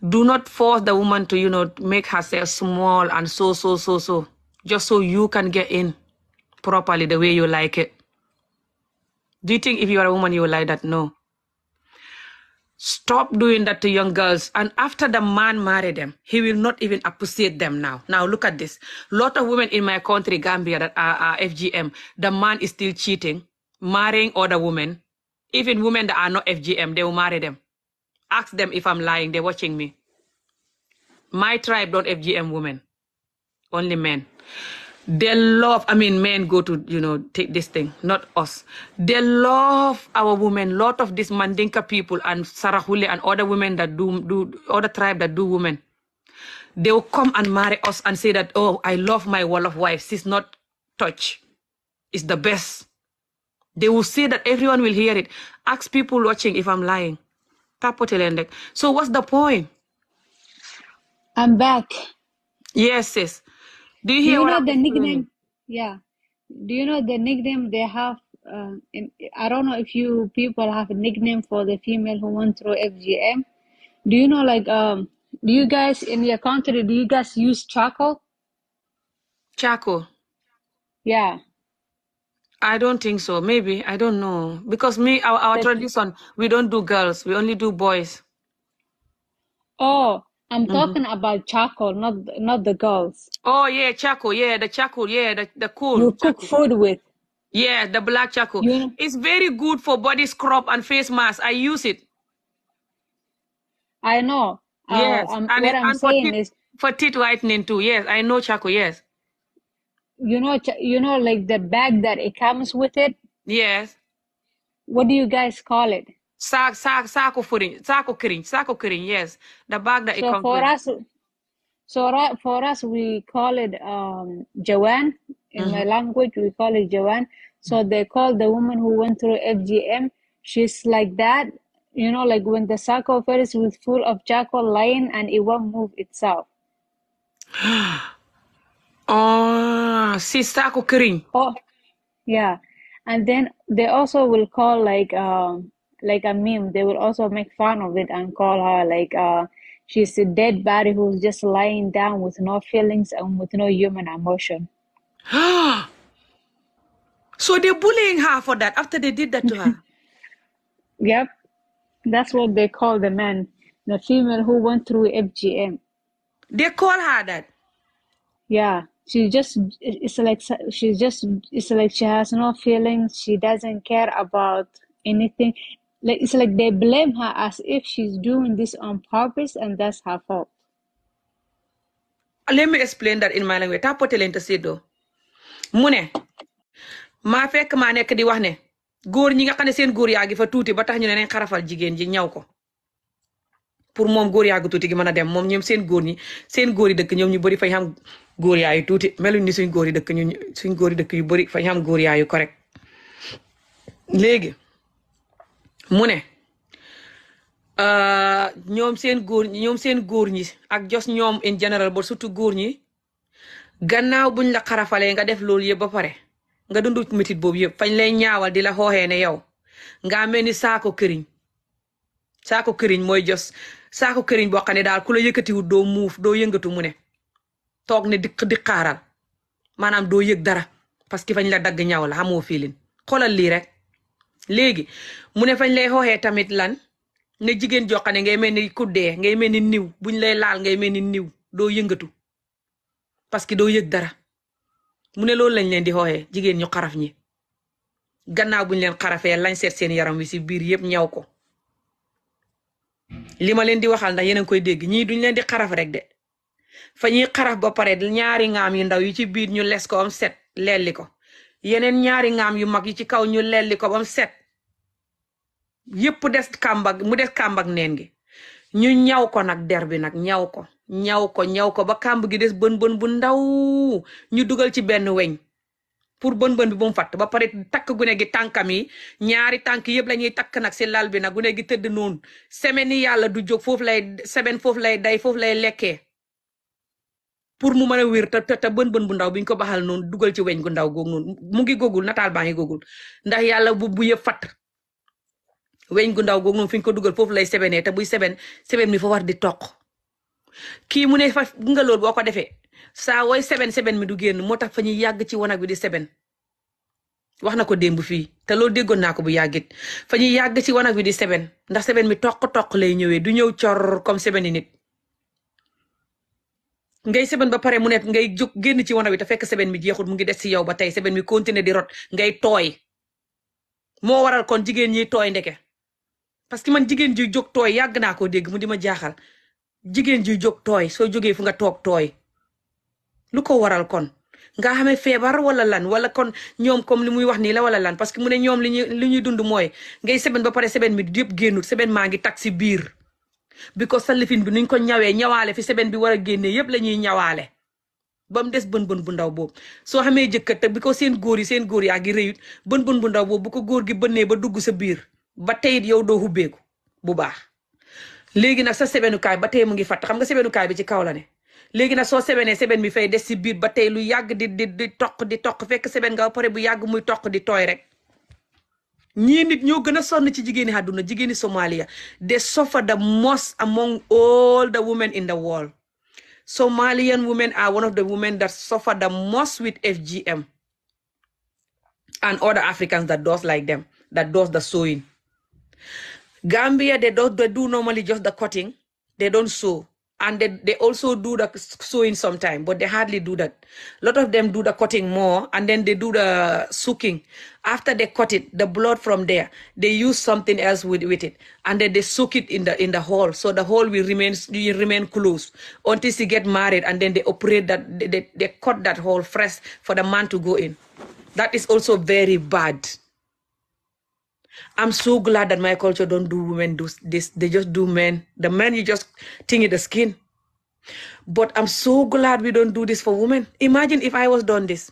do not force the woman to, make herself small and so, so, so, just so you can get in properly the way you like it. Do you think if you are a woman, you like that? No. Stop doing that to young girls. And after the man marry them, he will not even appreciate them now. look at this. Lot of women in my country, Gambia, that are, FGM, the man is still cheating, marrying other women. Even women that are not FGM, they will marry them. Ask them if I'm lying. They're watching me. My tribe don't FGM women, only men. They love, I mean, men go to, take this thing, not us. They love our women. Lot of these Mandinka people and Sarahule and other women that do, other tribe that do women. They will come and marry us and say that, oh, I love my Wolof wife. She's not touch. It's the best. They will say that everyone will hear it. Ask people watching if I'm lying. So what's the point? I'm back. Yes, Do you hear? Do you know the nickname? Yeah. Do you know the nickname they have? Uh, in, I don't know if you people have a nickname for the female who went through FGM. Do you know like um? Do you guys in your country? Do you guys use charcoal? Charcoal. Yeah. I don't think so. Maybe I don't know because me our, our tradition we don't do girls. We only do boys. Oh, I'm mm-hmm. talking mm -hmm. about charcoal, not not the girls. Oh yeah, charcoal. Yeah, the charcoal. Yeah, the the cool. You charcoal. cook food with. Yeah, the black charcoal. Yeah. It's very good for body scrub and face mask. I use it. I know. Uh, yes, uh, um, and, what I'm and saying for teeth, is for teeth whitening too. Yes, I know charcoal. Yes. You know, you know, like the bag that it comes with it. Yes. What do you guys call it? sa sa sako foreign sako kering yes the bag it for us we call it um, jawan in my mm-hmm. language we call it jawan so they call the woman who went through fgm she's like that you know when the sako first [gasps] oh, oh, yeah and then they also will call like um, like a meme. They will also make fun of it and call her like uh, she's a dead body who's just lying down with no feelings and with no human emotion. [gasps] so they're bullying her for that after they did that to her. [laughs] yep, that's what they call the man, the female who went through FGM. They call her that. Yeah she just it's like she just it's like she has no feelings she doesn't care about anything Like it's like they blame her as if she's doing this on purpose and that's her fault. Let me explain that in my language. Tapote leen te séddoo mu ne maa fekk maa nekk di wax ne góor ñi nga xam ne seen góor yaa gi fa tuuti ba tax ñu ne nañ xarafal jigéen ji ñaw ko pour moom góor yaa tuuti gi mën a dem moom ñem seen góor yi seen góor yi dëkk ñoom ñu bari fañ xam góor yaayu tuuti meluñ suñ góor yi dëkk suñ góor yi dëkk yu bëri fañ xam góor yaayu correct léegi. mu ne euh, ñoom seen góor ñoom seen góor ñi ak jos ñoom in général ba surtout góor ñi gannaaw buñ la xarafalee nga def loolu yëpp ba pare nga dundu métit boobu yëpp fañ lay ñaawal di la xooxee ne yow nga mel ni saako këriñ saako këriñ mooy jos saako këriñ boo xam ne daal ku la yëkkatiwut doo muuf doo yëngatu mu ne toog ne dik di xaaral maanaam doo yëg dara parce que fañ la dagg ñaw la xamoo filin xoolal lii rek léegi mu ne fañ lay xooxee tamit lan ne jigéen joo xam ne ngay mel ni ku dee ngay mel ni niw buñ lay laal ngay mel ni niw doo yëngatu parce que doo yëg dara mu ne loolu lañ leen di xooxee jigéen ñu xaraf ñi gannaaw buñ leen xarafee lañ seet seen yaram wi si biir yëpp ñaw ko li ma leen di waxal ndax yéen a ngi koy dégg ñii duñ leen di xaraf rek de fa ñuy xaraf ba pare ñaari ngaam yu ndaw yi ci biir ñu les ko am set lelli ko yeneen ñaari ngaam yu mag yi ci kaw ñu lelli ko yëpp des kàmbag mu des kàmbag neen gi ñu ñaw ko nag der bi nag ñaw ko ñaw ko ñaw ko ba kàmb gi des bën bën bu ndaw ñu dugal ci benn weñ pour bën bën bu mu fatt ba pare takk gune gi tànkam yi ñaari tànk yëpp lañuy takk nag si lal bi nag gune gi tëdd noonu semaine yi yàlla du jóg foofu lay semaine foofu lay day foof lay lekkee pour mu mën a wér te te bën bën bu ndaw bi ñu ko baxal noonu dugal ci weñ gu ndaw googu noonu mu ngi googul nataal baa ngi googul ndax yàlla bu bu yëpp weñ gu ndaw googu noonu fi ñu ko dugal foofu lay sebenee te buy seben seben mi fa war di toq kii mu ne fa nga lool boo ko defee saa wooy seben seben mi du génn moo tax fa ñuy yàgg ci wanag bi di seben wax na ko démb fii te loolu déggoon naa ko bu yàggit fa ñuy yàgg ci wanag bi di seben ndax seben mi toq-toq lay ñëwee du ñëw cor comme seben yi nit ngay seben ba pare mu ne ngay jóg génn ci wanag bi te fekk seben mi jeexul mu ngi des ci yow ba tey seben mi continuer di rot ngay tooy moo waral kon jigéen ñi tooy ndeke parce que man jigéen ji jóg tooy yàgg naa koo dégg mu di ma jaaxal jigéen ji jóg tooy soo jógee fu nga toog tooy lu ko waral kon nga xamee feebar wala lan wala kon ñoom comme li muy wax nii la wala lan parce que mu ne ñoom li ñuy li ñuy dund mooy ngay seben ba pare seben bi yëpp génnut seben maa ngi tag si biir bi ko salifin bi nuñ ko ñawee ñawaale fi seben bi war a génnee yëpp la ñuy ñawaale ba mu des bën bën bu ndaw boobu soo xamee jëkkër te bi ko seen góor yi seen góor yaa ngi réyut bën bën bu ndaw bu ko góor gi bënnee ba dugg sa biir ba tey yow doo hubbeeku bu baax léegi nag sa sebenukaay ba tey mu ngi fatt xam nga sebenukaay bi ci kaw la ne léegi nag soo sebenee seben bi fay des si biir ba tey lu yàgg di di di toq di toq fekk seben nga ba pare bu yàgg muy toq di tooy rek ñii nit ñoo gën a sonn ci jigéeni àdduna jigéeni Somalia de suffer the most among all the women in the world Somalian women a one of the women da suffer the most with FGM and other Africans that does like them that does the Gambia, they don't they do normally just the cutting. They don't sew. And they, also do the sewing sometime, but they hardly do that. lot of them do the cutting more, and then they do the soaking. After they cut it, the blood from there, they use something else with, it, and then they soak it in the in so the hole will remain will until she get married, and then they operate that they, cut that hole fresh for the man to go in. That is also very bad. I'm so glad that my culture don't do women do this. They just do men. The men, you just tingy the skin. But I'm so glad we don't do this for women. Imagine if I was done this.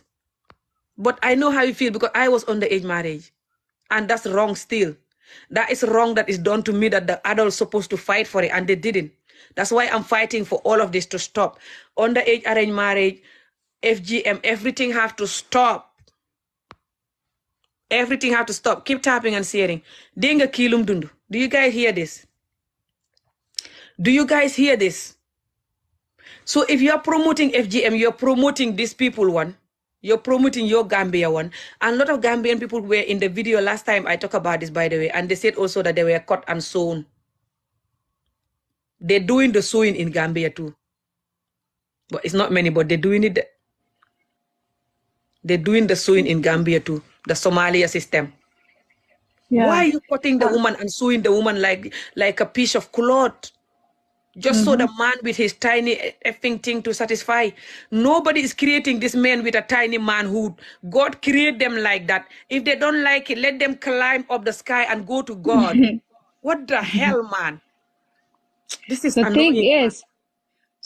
But I know how you feel because I was underage marriage. And that's wrong still. That is wrong that is done to me that the adults supposed to fight for it and they didn't. That's why I'm fighting for all of this to stop. Underage arranged marriage, FGM, everything have to stop. everything have to stop keep tapping and sharing dégg nga kii lum dund do you guys hear this do you guys hear this so if you promoting FGM you promoting these people one you promoting your Gambia one and lot of Gambian people were in the video last time I talk about this by the way and they said also that they were cut and sewn they're doing the sewing in Gambia too the Somalia system. Why you cutting the woman and suing the woman like a piece of cloth? Just so mm-hmm. the man with his tiny thing to satisfy. Nobody is creating this manhood. God create them like that. If they don't like it, let them climb up the sky and go to God. [laughs] what the hell, man? This is the thing is.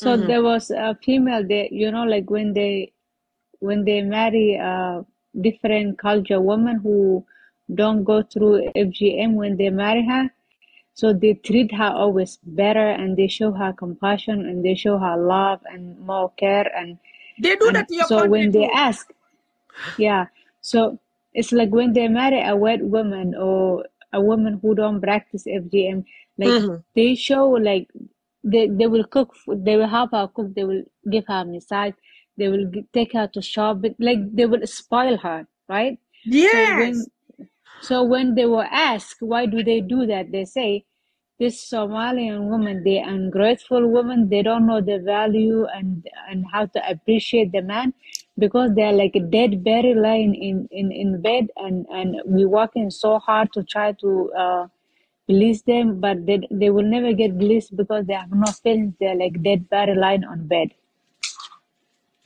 Mm-hmm. there was a female. They when they marry uh, different culture women who don't go through FGM when they marry her. So they treat her always better and they show her compassion and they show her love and more care and they do and that so when they too. ask yeah so it's like when they marry a white woman or a woman who don't practice FGM like mm -hmm. they show like they, they will cook they will help her cook they will give her massage they will take her to shopping like they will spoil her right so when, they were asked why do they do that they say this somalian woman they ungrateful women they don't know the value and how to appreciate the man because they're like a dead buried lying in in in bed uh, they, they will never get because they have no feelings they're like dead body on bed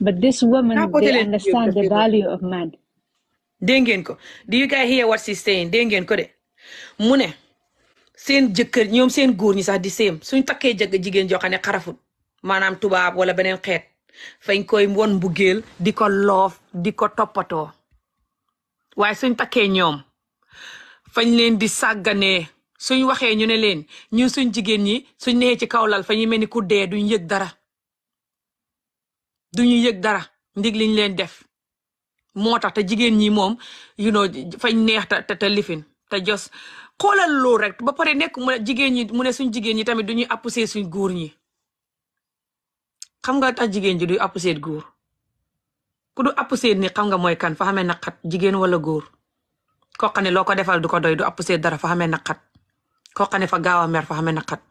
But these women, they understand the value of man. dégg ko do you guys hear what she's saying dégg ngeen ko de mu ne seen jëkkër ñoom seen góor ñi sax di séem suñ takkee jëkk jigéen joo xam ne xarafut maanaam tubaab wala beneen xeet fañ koy won mbugeel di ko loof di ko toppatoo waaye suñ takkee ñoom fañ leen di sàgganee suñ waxee ñu ne leen ñu suñ jigéen ñi suñ ne ci kaw lal fa mel ni ku dee duñ yëg dara du ñu yëg dara ndig liñ leen def moo tax te jigéen ñi moom you know fañ neex te te lifin te jos xoolal loolu rek ba pare nekk mu jigéen ñi mu ne suñ jigéen ñi tamit duñuy appusee suñ góor ñi xam nga tax jigéen ji du appusee góor ku du appusee ni xam nga mooy kan fa xamee naqat jigéen wala góor koo xam ne loo ko defal du ko doy du appusee dara fa xamee naqat koo fa gaaw a mer fa xamee naqat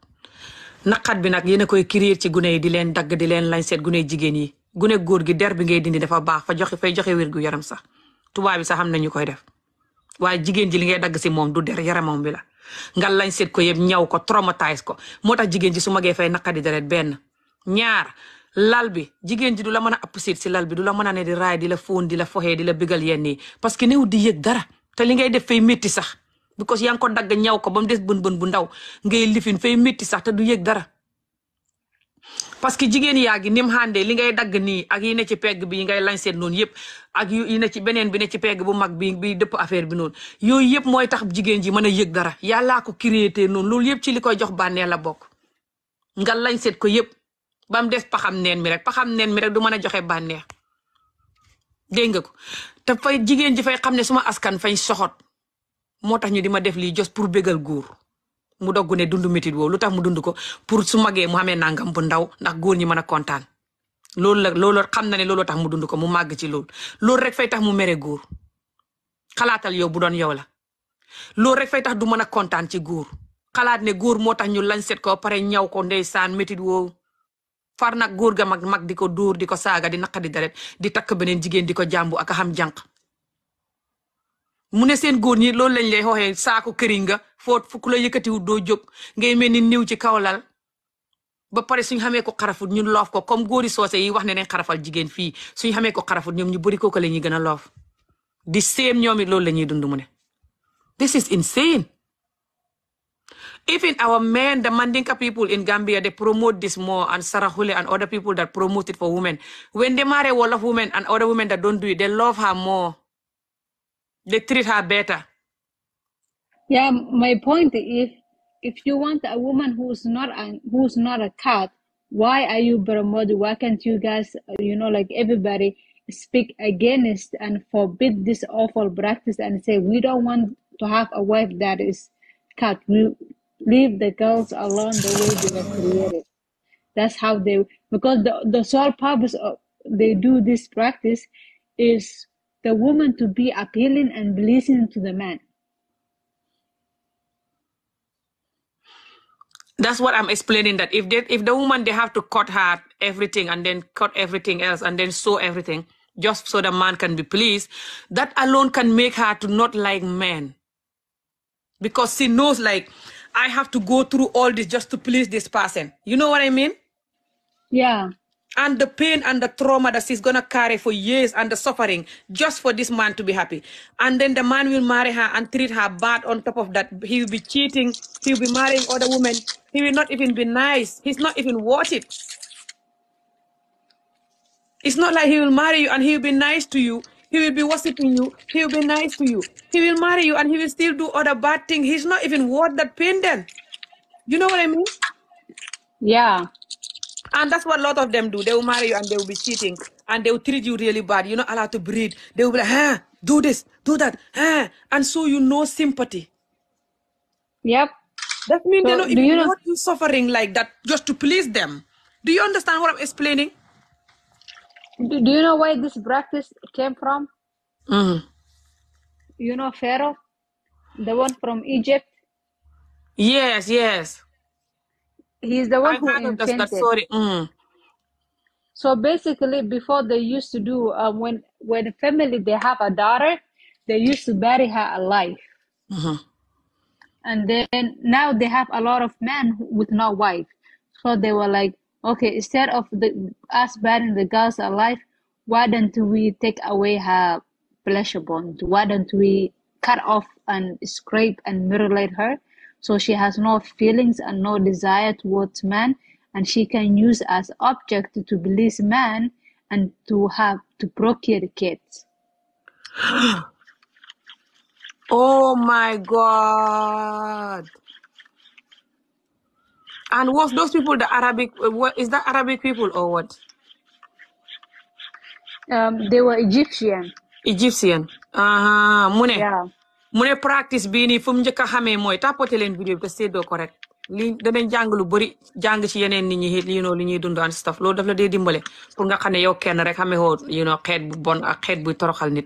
naqat bi nag yéen a koy créer ci gune yi di leen dagg di leen lañ seet gune jigéen yi gune góor gi der bi ngay dindi dafa baax fa joxe fay joxe wér gu yaram sax tubaab bi sax xam nañu koy def waaye jigéen ji li ngay dagg si moom du der yaramam bi la nga lañ seet ko yëpp ñaw ko traumatise ko moo tax jigéen ji su magee fay naqadi deret benn ñaar laal bi jigéen ji du la mën a app sit si lal bi du la mën a ne di raay dila la fóon di la foxee di la bigal yenn yi parce que néew di yëg dara te li ngay def fay métti sax because yaa ngi ko dagg ñaw ko ba mu des bën bën bu ndaw ngay lifin fay métti sax du yëg dara parce que jigéen yaa ngi nim hande li ngay dagg ni ak yi ne ci pegg bi ngay lañ seet noonu yëpp ak yi ne ci beneen bi ne ci pegg bu mag bi bi dëpp affaire bi noonu yooyu yëpp mooy tax jigéen ji mën a yëg dara yàllaa ko créé noonu loolu yëpp ci li koy jox bànnee la bokk nga lañ seet ko yëpp bam def paxam neen mi rek paxam neen mi rek du mën a joxe bànneex dégg nga ko te jigéen ji fay xam ne suma askan fay soxot moo tax ñu di ma def li jos pour bégal góor mu dogg ne dund métit woowu lu tax mu dund ko pour su magee mu amee nangam bu ndaw ndax góor ñi mën a kontaan loolu la loolu xam na ne looloo tax mu dundu ko mu màgg ci loolu loolu rek fay tax mu mere góor xalaatal yow bu doon yow la loolu rek fay tax du mën a kontaan ci góor xalaat ne góor moo tax ñu lañ set ko pare ñaw ko ndeysaan métit woowu far nag góor ga mag mag di ko dóor di ko saaga di naqadi deret di takk beneen jigéen di ko jàmbu ak xam jànq mu ne seen góor ñi loolu lañ lay xooxee saako këriñ nga foot fu ku la yëkkatiwut doo jóg ngay mel ni niw ci kawlal ba pare suñ xamee ko xarafut ñun loof ko comme góori soose yi wax ne ne xarafal jigéen fii suñ xamee ko xarafut ñoom ñu bëri ko la ñuy gën a loof di séem ñoom it loolu la ñuy dund mu ne this is insane even our men the Mandinka people in Gambia they promote this more and Sarahule and other people that promote it for women when they marry Wolof women They treat her better. Yeah, my point is, if you want a woman who's not a, who's not a cat, why are you promoting? Why can't you guys, you know, like everybody, speak against and forbid this awful practice and say we don't want to have a wife that is cut. We leave the girls alone the way they were created. That's how they because the the sole purpose of they do this practice is the woman to be appealing and pleasing to the man. That's what I'm explaining. That if the woman they have to cut her everything and then cut everything and then sew everything just so the man can be pleased, that alone can make her to not like men. Because she knows like I have to go through all this just to please this person. You know what I mean? Yeah. and the pain and the trauma that she's gonna carry for years and the suffering just for this man to be happy and then the man will marry her and treat her bad on top of that he will be cheating he will be marrying other women he will not even be nice he will be nice you he will be nice to you he will marry you and he will still do other bad things he's not even worth that pain then you know what i mean yeah And that's what a lot of them do. They will marry you and they will be cheating and they will treat you really bad. You know, allow to breathe. They will be like, huh, do this, do that, huh? And so you know sympathy. Yep. That means so they know if you know you suffering like that just to please them. Do you understand what I'm explaining? Do, do you know where this practice came from? Mm. You know Pharaoh, the one from Egypt. Yes, yes. he's the one I who invented. That, sorry. Mm. So basically, before they used to do uh, when when a family they have a daughter, they used to bury her alive. Uh-huh. And then now they have a lot of men with no wife, so they were like, okay, instead of the, us burying the girls alive, why don't we take away her pleasure bond? Why don't we cut off and scrape and mutilate her So she has no feelings and no desire towards man, and she can use as object to please man and to have to [gasps] oh my God! And was those people or what? Um, they were Egyptian. Egyptian. Uh-huh. Mune. mu ne practice bii ni fu mu njëkk xamee mooy tapoter leen vidéo bi te séddoo ko rek li danañ jàng lu bari jàng ci yeneen nit ñi li noo li ñuy dund an staf loolu daf la dee dimbale pour nga xam ne yow kenn rek xamee woo yi noo xeet bu bon ak xeet buy toroxal nit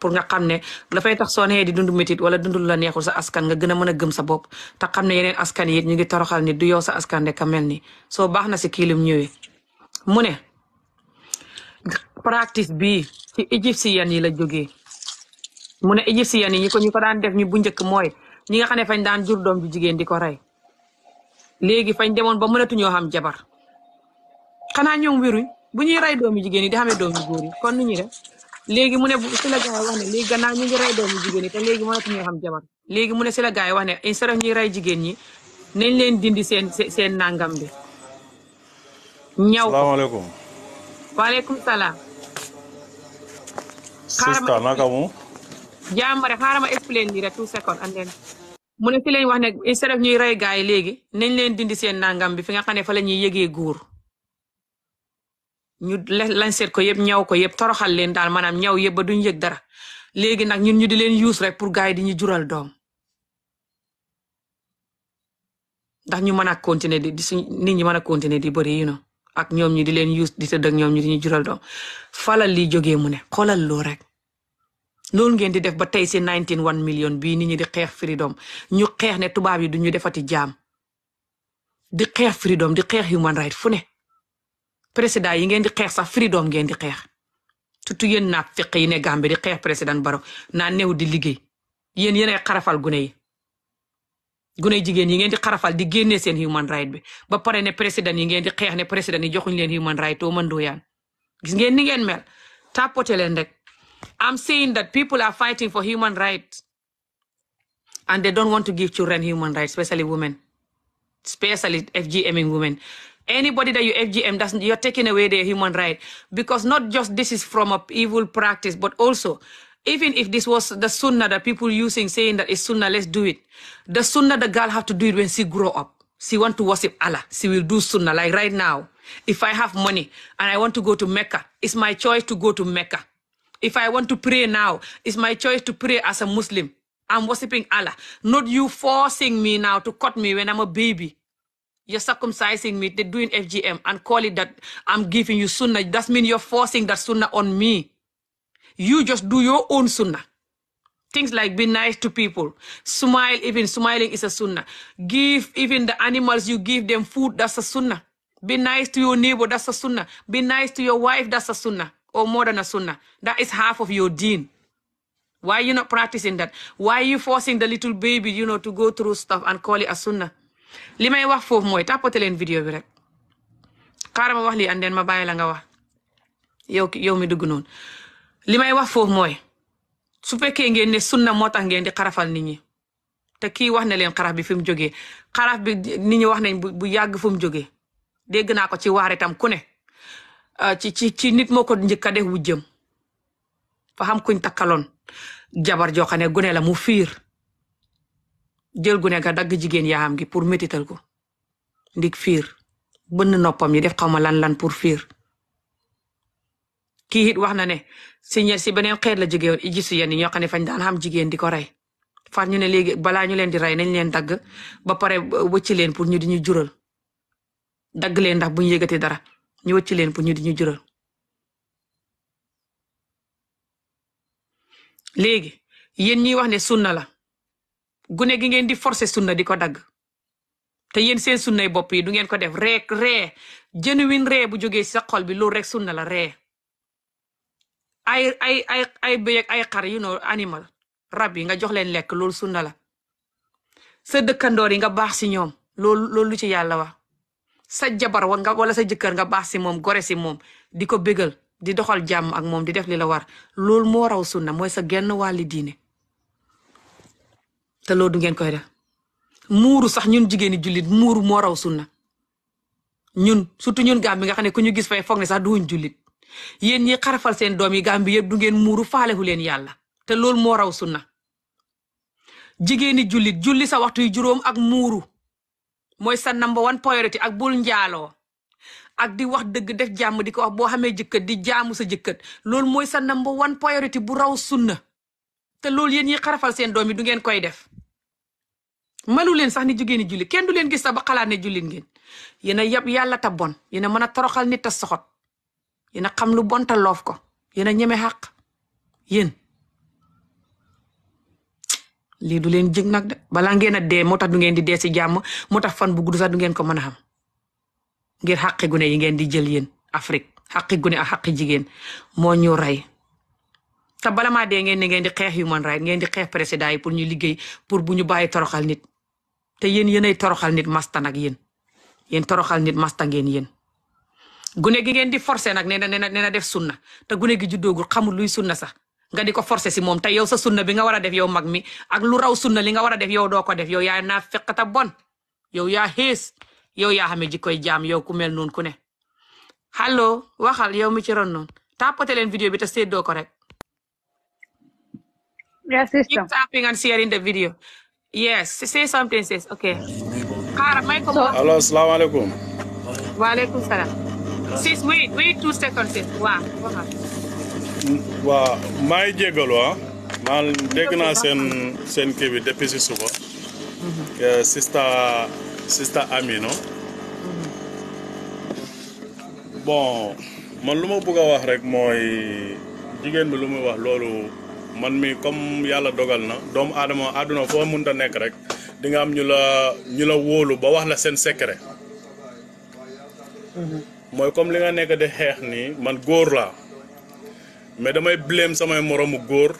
pour nga xam ne dafay tax soo di dund métit wala dund la neexul sa askan nga gën a mën a gëm sa bopp te xam ne yeneen askan yi ñu ngi toroxal nit du yow sa askan de ka mel ni soo baax na si kiilim ñëwee mu ne practice bii ci égyptien yi la jógee mu ne égyptiens yi ñi ko ñu ko daan def ñu bu njëkk mooy ñi nga xam ne fañ daan jur doom ju jigéen di ko rey léegi fañ demoon ba mënatuñoo xam jabar xanaa ñoom wéruñ bu ñuy rey doomu jigéen ñi di xamee doomu góor yi kon nu ñuy def léegi mu ne si la gaay wax ne léegi gannaaw ñu ngi rey jigéen yi xam jabar léegi mu ne si la wax ne instead of ñuy rey jigéen ñi nañ leen dindi seen seen nangam bi. ñaw salaamaaleykum. waaleykum salaam. xaaral ma jàmbare xaaral ma explain nii rek two second and then mu ne ki leen wax ne instead of ñuy rey gaay léegi nañ leen dindi seen nangam bi fi nga xam ne fa la ñuy yëgee góor ñu lañ seet ko yëpp ñaw ko yëpp toroxal leen daal maanaam ñaw yëpp ba duñ yëg dara léegi nag ñun ñu di leen yuus rek pour gaay di ñu jural doom ndax ñu mën a continuer di suñ nit ñi mën a continuer di bëri you know ak ñoom ñu di leen yuus di tëdd ak ñoom ñu di ñu jural doom falal li jógee mu ne xoolal loo rek. loolu ngeen di def ba tey si 19 1 million bii ni ñi di xeex freedom ñu xeex ne tubaab yi du ñu defati jaam di xeex freedom di xeex human right fu ne président yi ngeen di xeex sax freedom ngeen di xeex surtout yéen naat feq yi ne Gambie di xeex président Barrow naa new di liggéey yéen yéenay xarafal gune yi gune jigéen yi ngeen di xarafal di génnee seen human right bi ba pare ne président yi ngeen di xeex ne président yi joxuñ leen human right oo mën doo ngeen ni ngeen mel tapote leen rek I'm saying that people are fighting for human rights and they don't want to give children human rights, especially women, especially FGMing women. Anybody that you FGM, taking away their human right because not just this is from a evil practice, but also even if this was the sunnah that people using saying that it's sunnah, let's do it. The sunnah the girl have to do it when she grow up. She want to worship Allah. She will do sunnah. Like right now, if I have If I want to pray now, it's my choice to pray as a Muslim. I'm worshiping Allah, not you forcing me now to cut me when I'm a baby. You're circumcising me, they're doing FGM and call it that I'm giving you sunnah. That means you're forcing that sunnah on me. You just do your own sunnah. Things like be nice to people, smile, even smiling is a sunnah. Give even the animals, you give them food, that's sunnah. Be nice to your neighbor, that's sunnah. Be nice to your wife, or more than a sunnah. That is half of yo deen. Why are you not practicing that? Why are you forcing the little baby, you know, to go through stuff and call it a sunnah? li may wax foofu mooy tàppate leen vidéo bi rek xaaral ma wax lii andeen ma bàyyi la nga wax yow yow mi dugg noonu li may wax foofu mooy su fekkee ngeen ne sunna moo tax ngeen di xarafal nit ñi te kii wax na leen xaraf bi fi mu jógee xaraf bi nit ñi wax nañ bu yàgg fu mu jógee dégg naa ko ci waar itam ku ne Ah, ci ci ci nit moo ko njëkk a def wujjam fa xam kuñ takkaloon jabar joo xam ne gune la mu fiir jël gune ga dagg jigéen yaayam gi pour métital ko ndig fiir na noppam yi def xaw ma lan lan pour fiir kii it wax na ne si ñe si beneen xeet la jógewoon i gisu yenn ñoo xam ne fañ daan xam jigéen di ko rey far ñu ne léegi balaa ñu leen di rey nañ leen dagg ba pare wëcci leen pour ñu di ñu jural dagg leen ndax bu ñu dara ñu wëcc leen pour ñu di ñu jural léegi yéen ñuy wax ne sunna la gune gi ngeen di forcer sunna di ko dagg te yéen seen sunnay bopp yi du ngeen ko def rek ree genuine ree bu jógee sa xol bi loolu rek sunna la ree ay ay ay ay ay xar yu know animal rab yi nga jox leen lekk lool sunna la sa dëkkandoor yi nga baax si ñoom loolu loolu ci yàlla wax sa jabar wa nga wala sa jëkkër nga baax si moom gore si moom di ko bégal di doxal jàmm ak moom di def li la war lool moo raw sunna mooy sa genn wàlli diine te loolu du ngeen koy def muuru sax ñun jigéeni jullit muuru moo raw sunna ñun surtout ñun gaam bi nga xam ne ku ñu gis fay foog ne sax duwuñ jullit yéen ñi xarafal seen doom yi gaam bi yëpp du ngeen muuru faalehu leen yàlla te loolu moo raw sunna jigéeni jullit julli sa waxtu juróom ak muuru mooy sa number one priority ak bul njaaloo ak di wax dëgg def jàmm di ko wax boo xamee jëkkër di jaamu sa jëkkër loolu mooy sa number one priority bu raw sunna te loolu yéen yi xarafal seen doom yi du ngeen koy def malu leen sax ni jigéen ni julli kenn du leen gis sax ba xalaat ne jullit ngeen yéen a yàlla ta bon yéen a mën a toroxal nit ta soxot yéen a xam lu bon ta loof ko yéen a ñeme xàq yéen lii du leen jig nag de balaa ngeen a dee moo tax du ngeen di dee si jàmm moo tax fan bu gudd sax du ngeen ko mën a xam ngir xaqi gune yi ngeen di jël yéen Afrique xaqi gune ak xaqi jigéen moo ñu rey te bala maa dee ngeen ne ngeen di xeex human right ngeen di xeex président yi pour ñu liggéey pour bu ñu bàyyi toroxal nit te yéen yéenay toroxal nit masta nag yéen yéen toroxal nit masta ngeen yéen. gune gi ngeen di force nag nee na nee na def sunna te gune gi juddoogul xamul luy sunna sax. nga di ko forcer si moom te yow sa sunna bi nga war a def yow mag mi ak lu raw sunna li nga war a def yow doo ko def yow yaa naa feqata bon yow yaa xiis yow yaa xame koy jaam yow ku mel noonu ku ne allo waxal yow mi ci ron noonu tapote leen vidéo bi te seddoo ko rek yes system keep tapping and sharing video yes say something sis okay xaaral may ko allo salaamaaleykum waaleykum salaam sis wait wait two seconds sis waaw waaw maa ngi jégalu ah. maa dégg naa seen seen kii bi deppi si suba. sista euh, sista Amino. bon man lu ma bugg a wax rek mooy jigéen bi lu muy wax loolu man mi comme yàlla dogal na doomu aadama àdduna foo mënta nekk rek di nga am ñu la ñu la wóolu ba wax la seen secret. Mhm. mooy comme li nga nekk di xeex ni man góor laa. mais damay blâme samay moroomu góor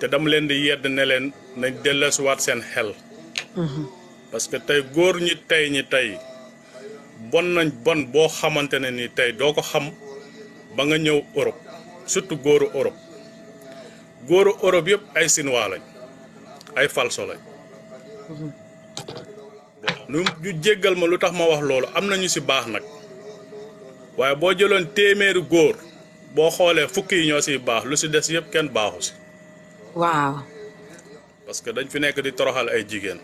te dama leen di yedd ne leen nañ delloosiwaat seen xel. Mhm. parce que tey góor ñi tey ñi tey bon nañ bon boo xamante ne ni tey doo ko xam ba nga ñëw Europe surtout góoru Europe góoru Europe yëpp ay Chinois lañ ay falso lañ. lu mhm. jéggal ma lu tax ma wax loolu am na ñu ci baax nag waaye boo jëloon téeméeri góor. boo xoolee fukki yi ñoo siy baax lu si des yëpp kenn baaxu si. waaw. parce que dañ fi nekk di toroxal ay jigéen.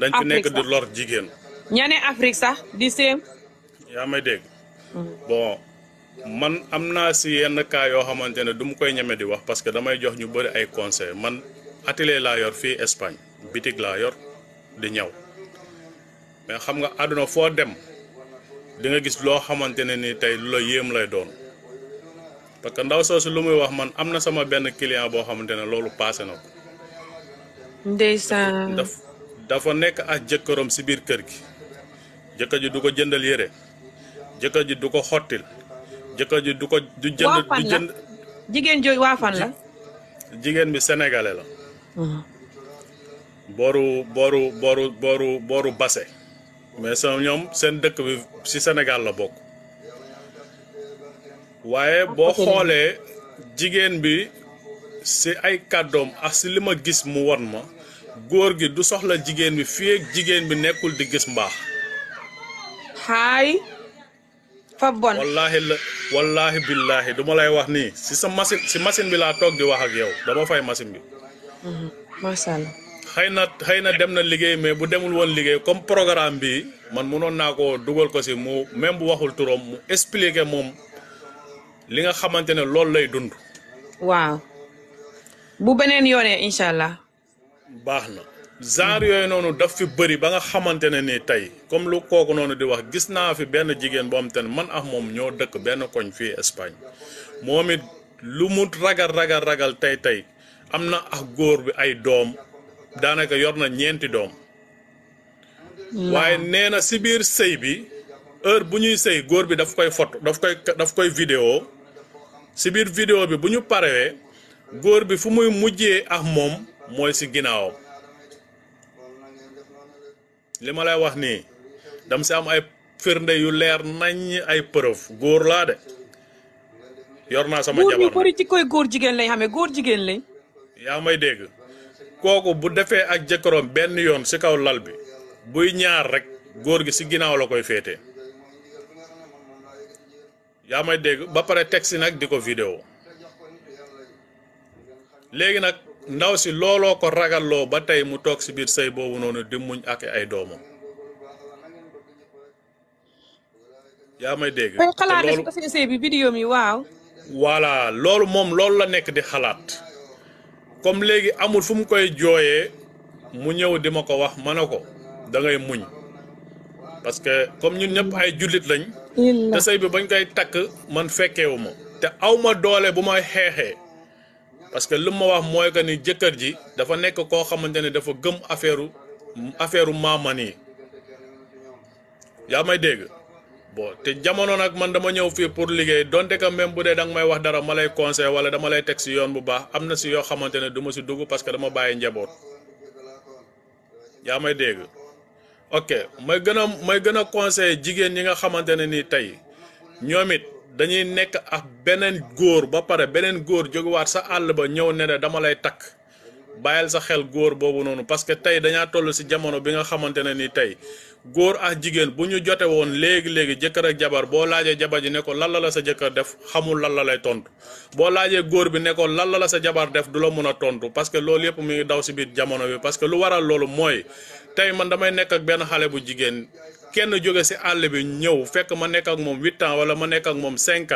dañ fi nekk di lor jigéen. ñane Afrique sax di séem. yaa may dégg. Mm. bon man am naa si yenn cas yoo xamante ne du koy ñeme di wax parce que damay jox ñu bëri ay conseil man atelier laa yor fii Espagne bitig laa yor di ñaw mais xam nga àdduna foo dem di nga gis loo xamante ne ni tey lu la yéem lay doon. parce que ndaw soosu lu muy wax man am na sama benn client boo xamante ne loolu paase na ko. ndeysaan daf dafa nekk ak jëkkëram si biir kër gi. jëkkër ji du ko jëndal yére jëkkër ji du ko xottil jëkkër ji du ko. du jënd jënd jigéen waa fan jigéen bi sénégalais la. Hmm. booru booru booru booru booru mais sa ñoom seen dëkk bi si Sénégal la bokk. waaye boo xoolee jigéen bi si ay kàddoom ak si li ma gis mu won ma góor gi du soxla jigéen bi fii ak jigéen bi nekkul di gis mbaax xaay fa bon wallaahi la wallaahi billaahi du ma lay wax nii si sa machine si machine bi laa toog di wax ak yow dama fay machine bi mhm, macha xëy na xëy na dem na liggéey mais bu demul woon liggéey comme programme bi man mënoon naa ko dugal ko si mu même bu waxul turam mu expliquer moom li nga xamante ne loolu lay dund. waaw. bu beneen yoonee incha allah. baax na. genre yooyu noonu daf fi bëri ba nga xamante ne ni tey comme lu kooku noonu di wax gis naa fi benn jigéen boo ne man ak moom ñoo dëkk benn koñ fii Espagne moom it lu mu ragal ragal ragal tey tey am na ak góor bi ay doom daanaka yor na ñeenti doom. waaye nee na si biir sëy bi heure bu ñuy sëy góor bi daf koy foto daf koy daf koy vidéo si biir vidéo bi bu ñu parewee góor bi fu muy mujjee ak moom mooy ci ginnaawam li ma lay wax nii dam si am ay firnde yu leer nañ ay preuve góor laa de yor naa sama jabar góor ñu bëri ci koy góor jigéen lay xamee góor jigéen lañ. yaa may dégg kooku bu defee ak jëkkëram benn yoon ci kaw lal bi buy ñaar rek góor gi ci ginnaaw la koy féete yaa may dégg ba pare teg si nag di ko vidéo léegi nag ndaw si looloo ko ragalloo ba tey mu toog si biir sëy boobu noonu di muñ ak ay doomam yaa may dégg te sëy bi vidéo mi waaw. voilà loolu moom loolu la nekk di xalaat comme léegi amul fu mu koy jooyee mu ñëw di ma ko wax ma ne ko dangay muñ. parce que comme ñun ñëpp ay jullit lañ. te sëy bi bañ koy takk man fekkeewu ma. te aw ma doole bu may xeexee parce que lu ma wax mooy que ni jëkkër ji dafa nekk koo xamante ne dafa gëm affaire affaire maaman yi yaa may dégg boo te jamono nag man dama ñëw fii pour liggéey donte que même bu dee danga may wax dara ma lay conseil wala dama lay teg si yoon bu baax am na si yoo xamante ne du ma si dugg parce que dama bàyyi njaboot yaa may dégg. ok may gën a may gën a conseillé jigéen ñi nga xamante ne ni tey ñoom it dañuy nekk ak beneen góor ba pare beneen góor jóguwaat sa àll ba ñëw ne dama lay takk bàyyil sa xel góor boobu noonu parce que tey dañaa toll si jamono bi nga xamante ne ni tey góor ak jigéen bu ñu jote woon léegi léegi jëkkër ak jabar boo laajee jabar ji ne ko lan la la sa jëkkër def xamul lan la lay tontu boo laajee góor bi ne ko lan la la sa jabar def du la mun a tontu parce que loolu yëpp mu ngi daw si biir jamono bi parce que lu waral loolu mooy. tey man damay nekk ak benn xale bu jigéen kenn jóge si àll bi ñëw fekk ma nekk ak moom huit ans wala ma nekk ak moom cinq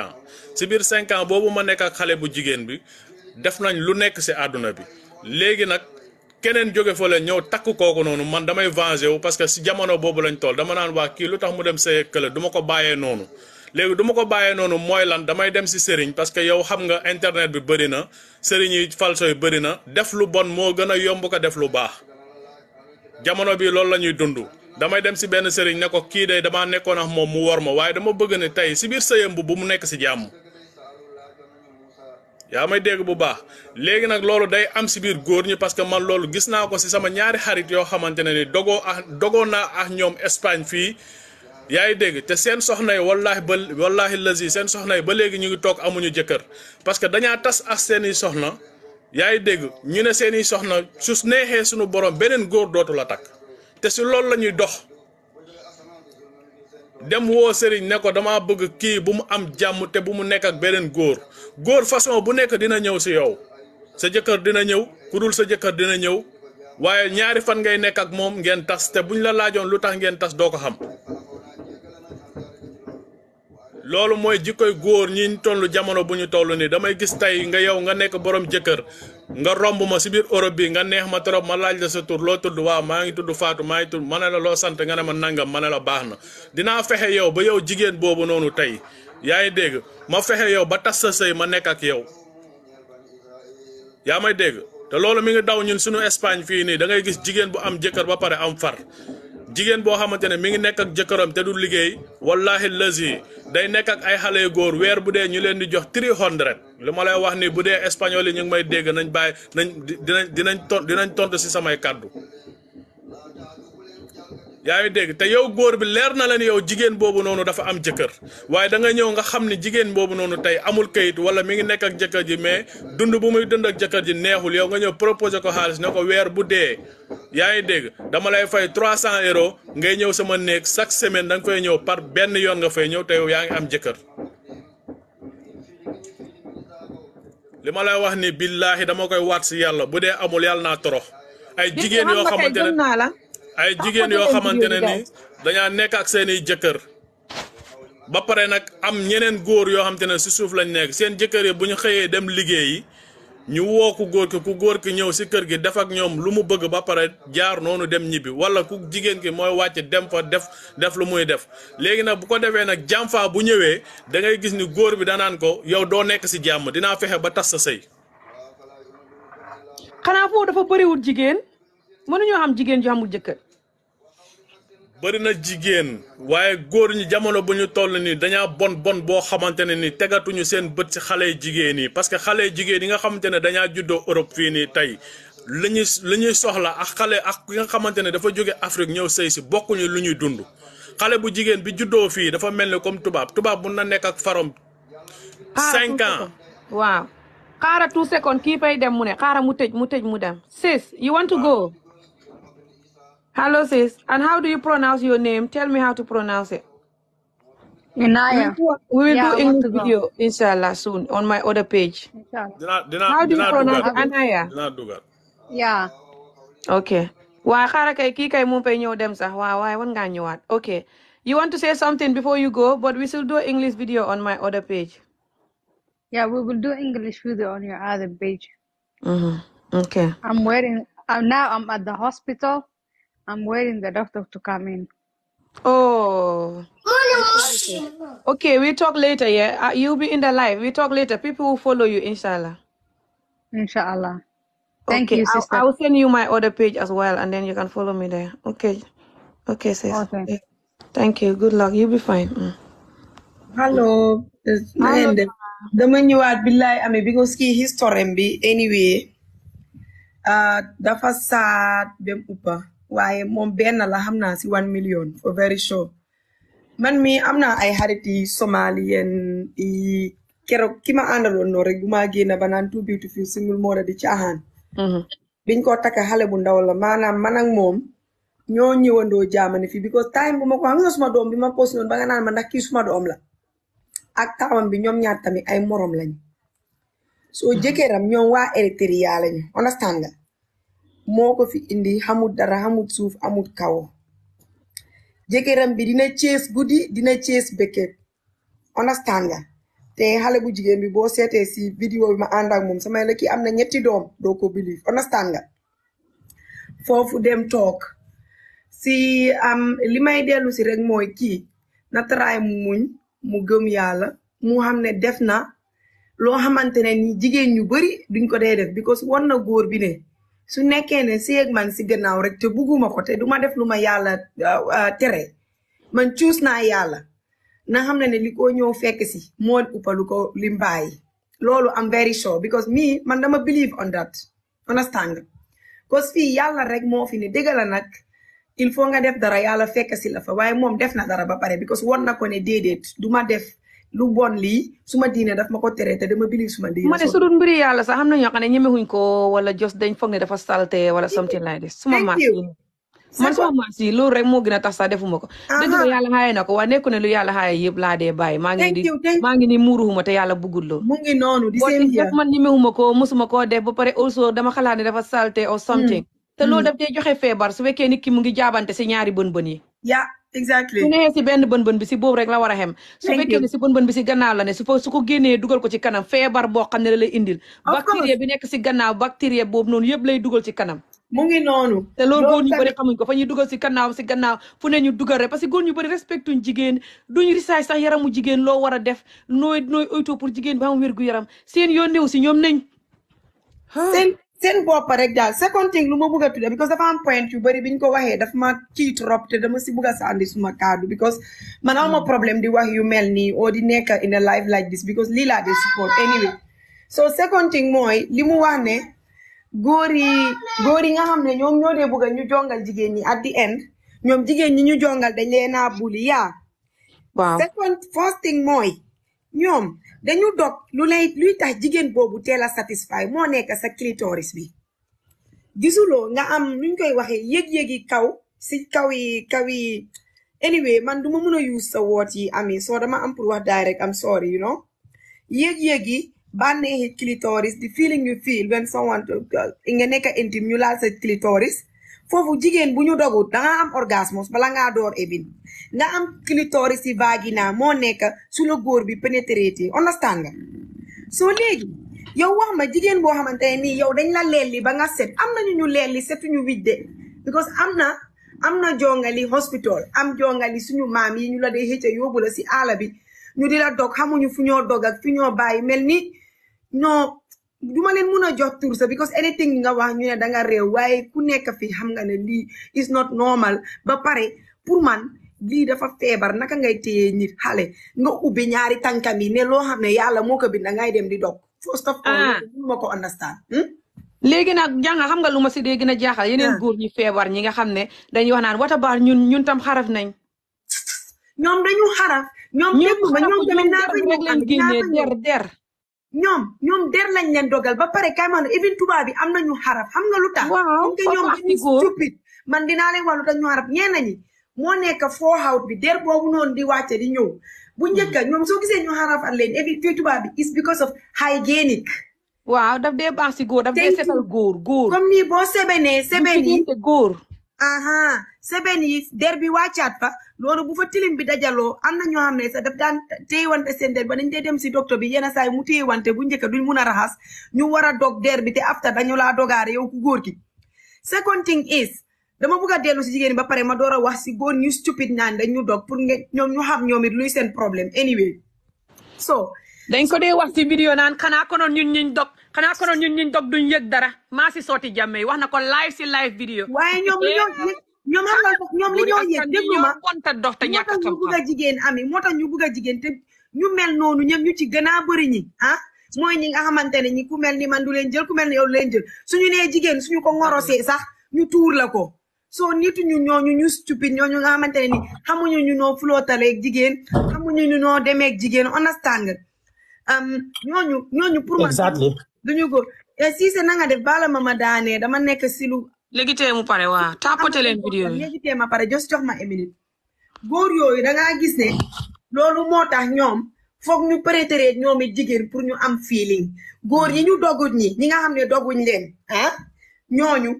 si biir cinq boobu ma nekk ak xale bu jigéen bi def nañ lu nekk si àdduna bi léegi nag keneen jóge fa la ñëw takk kooku noonu man damay venger wu parce que si jamono boobu lañ toll dama naan waa kii lu tax mu dem sa kële du ko bàyyee noonu léegi duma ko bàyyee noonu mooy lan damay dem si sëriñ parce que yow xam nga internet bi bëri na sëriñ yi falso yi bëri na def lu bon moo gën a yomb def lu baax jamono bii loolu la ñuy dund damay dem si benn sëriñ ne ko kii day damaa nekkoon ak moom mu wor ma waaye dama bëgg ne tey si biir sëyam bu mu nekk si jàmm yaa may dégg bu baax léegi nag loolu day am si biir góor ñi parce que man loolu gis naa ko si sama ñaari xarit yoo xamante ne ni dogoo ah dogoon naa ak ñoom Espagne fii yaa ngi dégg te seen soxna yi wallaahi ba wallaahi lazi seen soxna yi ba léegi ñu ngi toog amuñu jëkkër parce que dañaa tas ak seeni soxna. yaa ngi dégg ñu ne seeni soxna su neexee suñu borom beneen góor dootu la takk te si loolu la ñuy dox dem woo sëriñ ne ko dama bëgg kii bu mu am jàmm te bu mu nekk ak beneen góor góor façon bu nekk dina ñëw si yow sa jëkkër dina ñëw ku dul sa jëkkër dina ñëw waaye ñaari fan ngay nekk ak moom ngeen tas te buñ la laajoon lu tax ngeen tas doo ko xam loolu mooy jikkoy góor ñi tollu jamono bu ñu toll nii damay gis tey nga yow nga nekk borom jëkkër nga romb ma si biir Europe bi nga neex ma trop ma laaj la sa tur loo tudd waa maa ngi tudd faatu maa ngi tudd ma ne la loo sant nga ne ma nangam ma ne la baax na dinaa fexe yow ba yow jigéen boobu noonu tey yaa ngi dégg ma fexe yow ba tas sa sëy ma nekk ak yow yaa may dégg te loolu mu ngi daw ñun suñu Espagne fii nii da ngay gis jigéen bu am jëkkër ba pare am far jigéen boo xamante ne mi ngi nekk ak jëkkëram te du liggéey wallahi lazi day nekk ak ay xale yu góor weer bu dee ñu leen di jox three hundred lu ma lay wax ni bu dee espagnol yi ñu may dégg nañ bàyyi nañ dinañ dinañ ton dinañ tontu si samay kàddu yaa ngi dégg te yow góor bi leer na la ni yow jigéen boobu noonu dafa am jëkkër waaye da nga ñëw nga xam ni jigéen boobu noonu tey amul kayit wala mi ngi nekk ak jëkkër ji mais dund bu muy dund ak jëkkër ji neexul yow nga ñëw proposé ko xaalis ne ko weer bu dee yaa ngi dégg dama lay fay 300 euros ngay ñëw sama néeg chaque semaine danga nga fay ñëw par benn yoon nga fay ñëw te yaa ngi am jëkkër. li ma lay wax ni billaahi dama koy waat si yàlla bu dee amul yàlla naa torox. ay jigéen yoo xamante ne ay jigéen yoo xamante ne ni dañaa nekk ak seeni jëkkër ba pare nag am ñeneen góor yoo xamante ne si suuf lañ nekk seen jëkkër yi bu ñu xëyee dem liggéeyi ñu woo ku góor ki ku góor ki ñëw si kër gi def ak ñoom lu mu bëgg ba pare jaar noonu dem ñibbi wala ku jigéen ki mooy wàcc dem fa def def lu muy def léegi nag bu ko defee nag jàmm faa bu ñëwee da ngay gis ni góor bi danaan ko yow doo nekk si jàmm dinaa fexe ba tas sa sëy mënuñoo am jigéen ju amul jëkkër. bëri na jigéen waaye góor ñu jamono bu ñu toll nii dañaa bon bon boo xamante ne ni tegatuñu seen bët ci xale jigéen yi parce que xale jigéen yi nga xamante ne dañaa juddoo Europe fii nii tey la ñuy la ñuy soxla ak xale ak ki nga xamante ne dafa jóge Afrique ñëw sëy si bokkuñu lu ñuy dund xale bu jigéen bi juddoo fii dafa mel ni comme tubaab tubaab mun na nekk ak farom. cinq waaw. xaara tout second kii fay dem mu ne xaara mu tëj mu tëj mu dem. sis Hello, sis. And how do you pronounce your name? Tell me how to pronounce it. will, do English video, inshallah, soon on my other page. Inshallah. Did not, did not, kay kii kay mu pay ñëw dem sax waaw waaye wan ngaa ñëwaat okay you want to say something before you go but we still do English video on my other page. yeah we will do English video on your other page. Mm -hmm. okay. I'm waiting. Uh, I'm now at the hospital. I'm waiting the doctor to come in. Oh. Okay, we talk later, yeah? Uh, be in the live. We talk later. People will follow you, inshallah. Inshallah. Thank okay, you, send you my other page as well, and then you can follow me there. Okay. Okay, sis. Thank you. Good luck. You'll be fine. Mm. Hello. Eh, dama ñëwaat billaay amee because kii history bi anyway ah, dafa saat bem uppa waaye moom benn la xam naa si one million for very sure man mi am naa ay xarit yi somalien yi keroog ki ma àndaloon noo rek bu maa génn ba naan too beautiful single moola di caaxaan mm-hmm. biñ ko takka xale bu ndaw la maanaam man ak moom ñoo ñëwandoo jaamane fii because time bu ma ko suma doom bi ma post noonu ba nga naan ma ndax kii suma doom la ak taawam bi ñoom ñaar tamit ay morom lañ soo jëkkëram ñoom waa Eritrea lañu understand nga moo ko fi indi xamul dara xamul suuf amul kaw jëkkëram bi dina cees guddi dina cees bëkkeet understand nga te xale bu jigéen bi boo seetee si vidéo bi ma ànd ak moom samay la kii am na ñetti doom doo ko believe understand nga foofu dem toog si am li may dellu si rek mooy kii na taraay mu muñ mu gëm yàlla mu xam ne def na loo xamante ne ni jigéen ñu bari duñ ko dee def because wan na góor bi ne su nekkee ne si man si gannaaw rek te bugguma ko te duma def lu ma yàlla uh, uh, tere man cuus naa yàlla na xam ne ne li ko ñëw fekk si moo uppalu ko li mbaay loolu am very sure because me man dama believe on that understand cause fii yàlla rek moo fi ne dëgg nag il faut nga def dara yàlla fekk si la fa waaye moom def na dara ba pare because won na ko ne déedéet duma def lu bon lii suma diine daf ma ko tere te dama bili suma diine. ma ne su dul mbiri yàlla sax am na ñoo xam ne ñemewuñ ko wala jos dañ foog ne dafa salte wala something like this suma maas yi man suma maas yi loolu rek moo gën a tax sax defuma ko dëgg la yàlla xaaye na ko waa nekku ne lu yàlla xaaye yëpp laa dee bàyyi maa ngi ni maa ngi ni muuruxuma te yàlla buggul loolu mu ngi noonu di seen def man ñemewuma koo def ba pare also dama xalaat ne dafa salte or hmm. something te loolu hmm. daf dee joxe feebar su fekkee nit ki mu ngi jaabante si ñaari bën bën yi exactly su neexee si benn bën bën bi si boobu rek la war a xem su fekkee ne si bën bën bi si gannaaw la ne su fa su ko génnee dugal ko ci kanam feebar boo xam ne la lay indil bactérie bi nekk si gannaaw bactérie boobu noonu yëpp lay dugal ci kanam mu ngi noonu te loolu góor ñu bëri xamuñ ko fa ñuy dugal si kannaaw si gannaaw fu ne ñu dugal rek parce que góor ñu bëri respectuñ jigéen duñ risaay sax yaramu jigéen loo war a def nooy nooy oytoo pour jigéen bi am wér gu yaram seen yoon néew si ñoom nañ seen bopp rek daal second thing lu ma bëgg a tudde because dafa am point yu bëri biñ ko waxee daf ma kii trop te dama si bugga a sànni suma kaddu because man aw ma hmm. problème di wax yu mel nii oo di nekk in a life like this because lii laa di support anyway so second thing mooy li mu wax ne góor yi góor yi nga xam ne ñoom ñoo dee bëgg ñu jongal jigéen ñi at the end ñoom jigéen ñi ñu jongal dañ leen a buli yaa. waaw second first thing mooy ñoom. dañu dog lu lay luy tax jigéen boobu teel a satisfy moo nekk sa clitoris bi gisuloo nga am nuñ koy waxee yëg-yëgi kaw si kaw yi kaw yi anyway man du ma mën a use sa woot yi ami soo dama am pour wax direct am sorry you know yëg-yëgi bànneexi clitoris di feeling you feel when someone nga nekk intime ñu laal sa clitoris foofu jigéen bu ñu dogut da am orgasme bala ngaa door even nga am clitoris si vagina moo nekk su la góor bi pénétrété understand nga soo léegi yow wax ma jigéen boo xamante ne nii yow dañ la leelli ba nga set am na ñu ñu leelli setuñu widde because am na am na jongali hospital am jongali suñu maam yi ñu la dee xëcc yóbbu si àll ñu di la dog xamuñu fu ñoo dog ak fu ñoo bàyyi mel ni ñoo duma leen mun a jox tur sa because anything nga wax ñu ne da nga réew waaye ku nekk fi xam nga ne lii is not normal ba pare pour man lii dafa feebar naka ngay téye nit xale nga ubbi ñaari tànkam yi ne loo xam ne yàlla moo ko binda ngay dem di dog first of all ah. ma hmm? léegi nag jànga xam nga lu ma si dee gën a jaaxal ah. yeneen góor ñi feebar ñi nga xam ne dañuy wax naan wata baar ñun ñun tam xaraf nañ ñoom dañu xaraf ñoom ñoom tamit naa ko ñu der der ñoom ñoom der nañ leen dogal ba pare kay man even tubaab bi am nañu xaraf xam na lu tax. waaw ñoom dañuy man dinaa leen wax lu tax ñu xaraf ñeena moo nekk foo xawt bi der boobu noonu di wàcce di ñëw. bu hmm. njëkk ñoom soo gisee ñu xaraf at leen even fii tubaab bi is because of hygienic. waaw daf dee baax si góor daf dee setal góor góor. comme ni boo sebenee seben yi góor. aha seben yi der bi wàccaat fa. loolu bu fa tilim bi dajaloo am na ñoo xam ne sax daf daan téyewante seen der ba dañ dee dem si docteur bi yenn saa yi mu wante bu njëkk duñ mun a raxas ñu war a dog der bi te afta dañu laa dogaare yow ku góor ki second thing is dama bugg a dellu si jigéen ba pare ma door a wax si góor ñu stupid naan ñu dog pour nga ñoom ñu xam ñoom it luy seen problème anyway so dañ ko dee wax si vidéo naan xanaa konoon ñun ñu dog xanaa konoon ñun ñuñ dog duñ yëg dara maa si sooti jàmme wax na ko live si live waaye ñoom ñoom xam nga ñoom li ñoo yëg déglu ma moo tax ñu a jigéen ami moo tax ñu bugg a jigéen te ñu mel noonu ñoom ñu ci gën a bëri ñi ah mooy ñi nga xamante ne ñi ku mel ni man du leen jël ku mel ni yow du leen jël suñu nee jigéen suñu ko ngorosee sax ñu tuur la ko soo nitu ñu ñooñu ñu stupide ñooñu nga xamante ni xamuñu ñu noo flottaleeg jigéen xamuñu ñu noo demeeg jigéen understand ñooñu ñooñu pour ma duñu ko Cissé na nga def bala ma ma daanee dama nekk si lu léegi tey mu pare wa tapoté leen vidéo yi léegi tey ma pare jos jox ma minute góor yooyu da ngaa gis ne loolu moo tax ñoom foog ñu prétéré ñoom jigéen pour ñu am feeling góor yi ñu doguñ ñi ñi nga xam ne doguñ leen ah ñooñu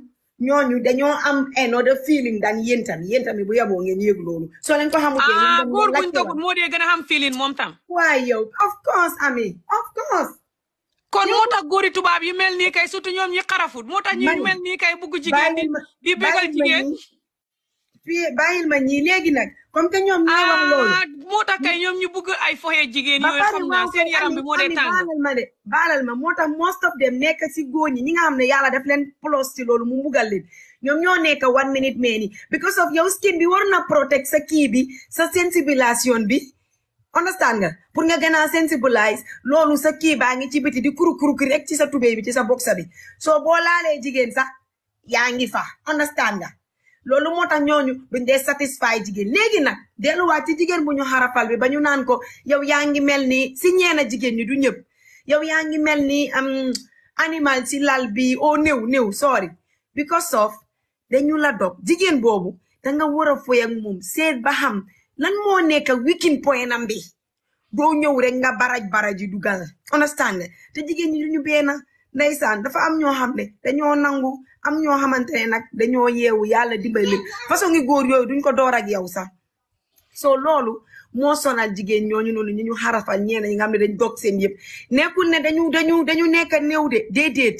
ñooñu dañoo am another feeling daan yéen tam yéen tamit bu yaboo ngeen yëg loolu. soo leen ko xamutee. ah góor buñ dogul moo dee gën a am feeling moom tam. waaye yow of course ami of course. kon moo ta góori tubaab yu mel ni kay surtout ñoom ñi xarafut moo tax ñu mel nii kay bugg jigéen di bégal jigéen fii bàyyil ma ñii léegi nag comme que ñoom ñoo wax loolu ah, moo tax kay ñoom ñu bugg ay foxee jigéen yooyu xam naa seen yaram bi moo dee tàng ma de baalal ma moo tax most of them nekk si góor ñi ñi nga xam ne yàlla daf leen plus si loolu mu mbugal leen ñoom ñoo nekk one minute meeni because of yow skin bi war na protect sa kii bi sa sensibilisation bi understand nga pour nga gën a sensibiliser loolu sa kii baa ngi ci biti di kuru kuru kii rek ci sa tubéy bi ci sa boxa bi soo boo laalee jigéen sax yaa ngi fa understand nga loolu moo tax ñooñu duñ dee satisfy jigéen léegi nag delluwaat ci jigéen bu ñu xarafal bi ba ñu naan ko yow yaa ngi mel ni si ñeena jigéen ñi du ñëpp yow yaa ngi mel ni animal si lal bi o oh, néew néew sorry because of dañu la dog jigéen boobu da nga war a foy moom seet ba xam. lan moo nekk weaking point am bi doo ñëw rek nga baraj baraj yi dugal understand te jigéen ñi duñu benn ndeysaan dafa am ñoo xam ne dañoo nangu am ñoo xamante ne nag dañoo yeewu yàlla dimbali leen façon ngi góor yooyu duñ ko door ak yow sax soo loolu moo sonal jigéen ñooñu noonu ñu ñu xarafal ñeena ñi nga xam ne dañ dog seen yëpp nekkul ne dañu dañu dañu nekk néew de déedéet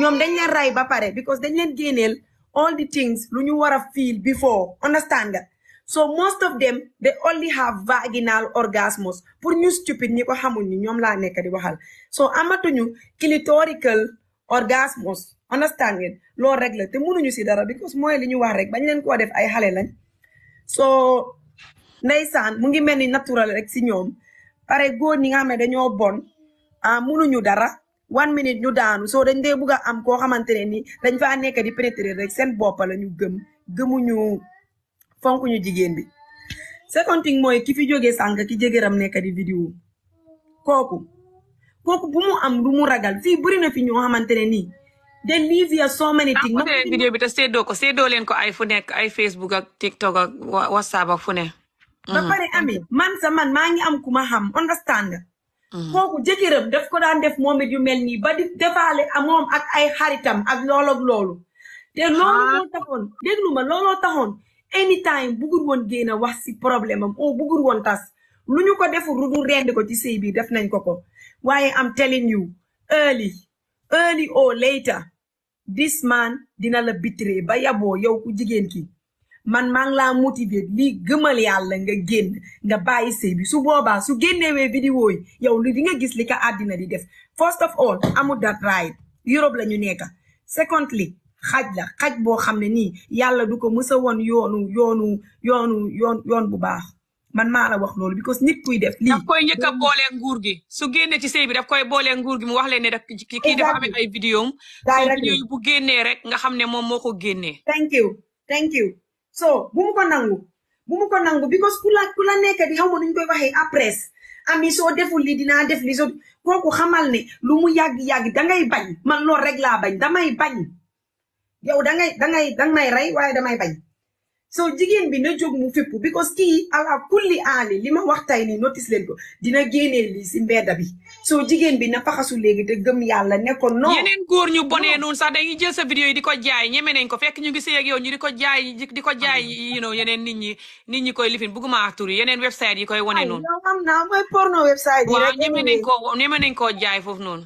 ñoom dañ leen ray ba pare because dañ leen génneel all the things lu ñu war a feel before understand nga so most of them they only have vaginal orgasms pour ñu stupid ñi ko xamuñ ñi ñoom laa nekk di waxal so amatuñu clitorical orgasmus understand ngeen loo rek la te mënuñu si dara because mooy li ñu wax rek bañ leen koo def ay xale lañ so ndeysaan mu ngi mel ni naturel rek si ñoom pare góor ñi nga xam ne dañoo bon ah mënuñu dara one minute ñu daanu so dañ dee bugg a am koo xamante ne ni dañ faa nekk di pénétrer rek seen bopp la ñu gëm gëmuñu. fonk ñu jigéen bi second thing mooy ki fi jógee sànq ki jëgëram nekk di vidéo kooku kooku bu mu am lu mu ragal si bëri na fi ñoo xamante ne ni they live here so many things vidéo bi te séddoo ko séddoo leen ko ay fu nekk ay Facebook ak TikTok ak WhatsApp ak fu ne ba mm-hmm. pare man sa man maa ngi am ku ma xam understand mm-hmm. kooku jëkkëram daf ko daan def moom it yu mel nii ba di defaale moom ak ay xaritam ak loolu ak loolu te loolu anytime buggur woon génn wax si problème am oo oh, buggur woon tas lu ñu ko defu rudu rendi ko ci sëy bi def nañ ko ko waaye am telling you early early or later this man dina la bitree ba yaboo yow ku jigéen ki man man la laa motiver lii gëmal yàlla nga génn nga bàyyi sëy bi su boobaa su génnewee vidéo yi yow li di nga gis li ka àddina di def first of all amul that right Europe la ñu nekk secondly xaaj la xaj boo xam ne nii yàlla du ko mës a woon yoonu yoonu yoonu yoon yoon bu baax man maa la wax loolu because nit kuy def lii. daf koy njëkk a boole nguur gi su génnee ci sëy bi daf koy boole nguur gi mu wax leen ne daf kii dafa amee ay vidéo am. vidéo yi bu génnee rek nga xam ne moom moo ko génnee. thank you thank you so bu mu ko nangu bu mu ko nangu because ku la ku la nekk di xaw ma nu koy waxee après ami soo deful li dinaa def li soo kooku xamal ne lu mu yàgg yàgg dangay bañ man loolu rek laa bañ damay bañ. yow dangay ngay da ngay rey waaye damay bañ soo jigéen bi na jóg mu fépp because kii ala kulli aali li ma wax tey nii notice leen ko dina génnee lii si mbedda bi soo jigéen bi na faxasu léegi te gëm yàlla ne ko non. yeneen góor ñu bonee noonu sax dañuy jël sa vidéo yi di ko jaay ñeme nañ ko fekk ñu ngi sëy ak ñu di ko jaay di ko jaay you know yeneen nit ñi nit ñi koy lifin bëgguma ak tur yi yeneen website yi koy wane noonu. waaw ñeme nañ ko ñeme nañ koo jaay foofu noonu.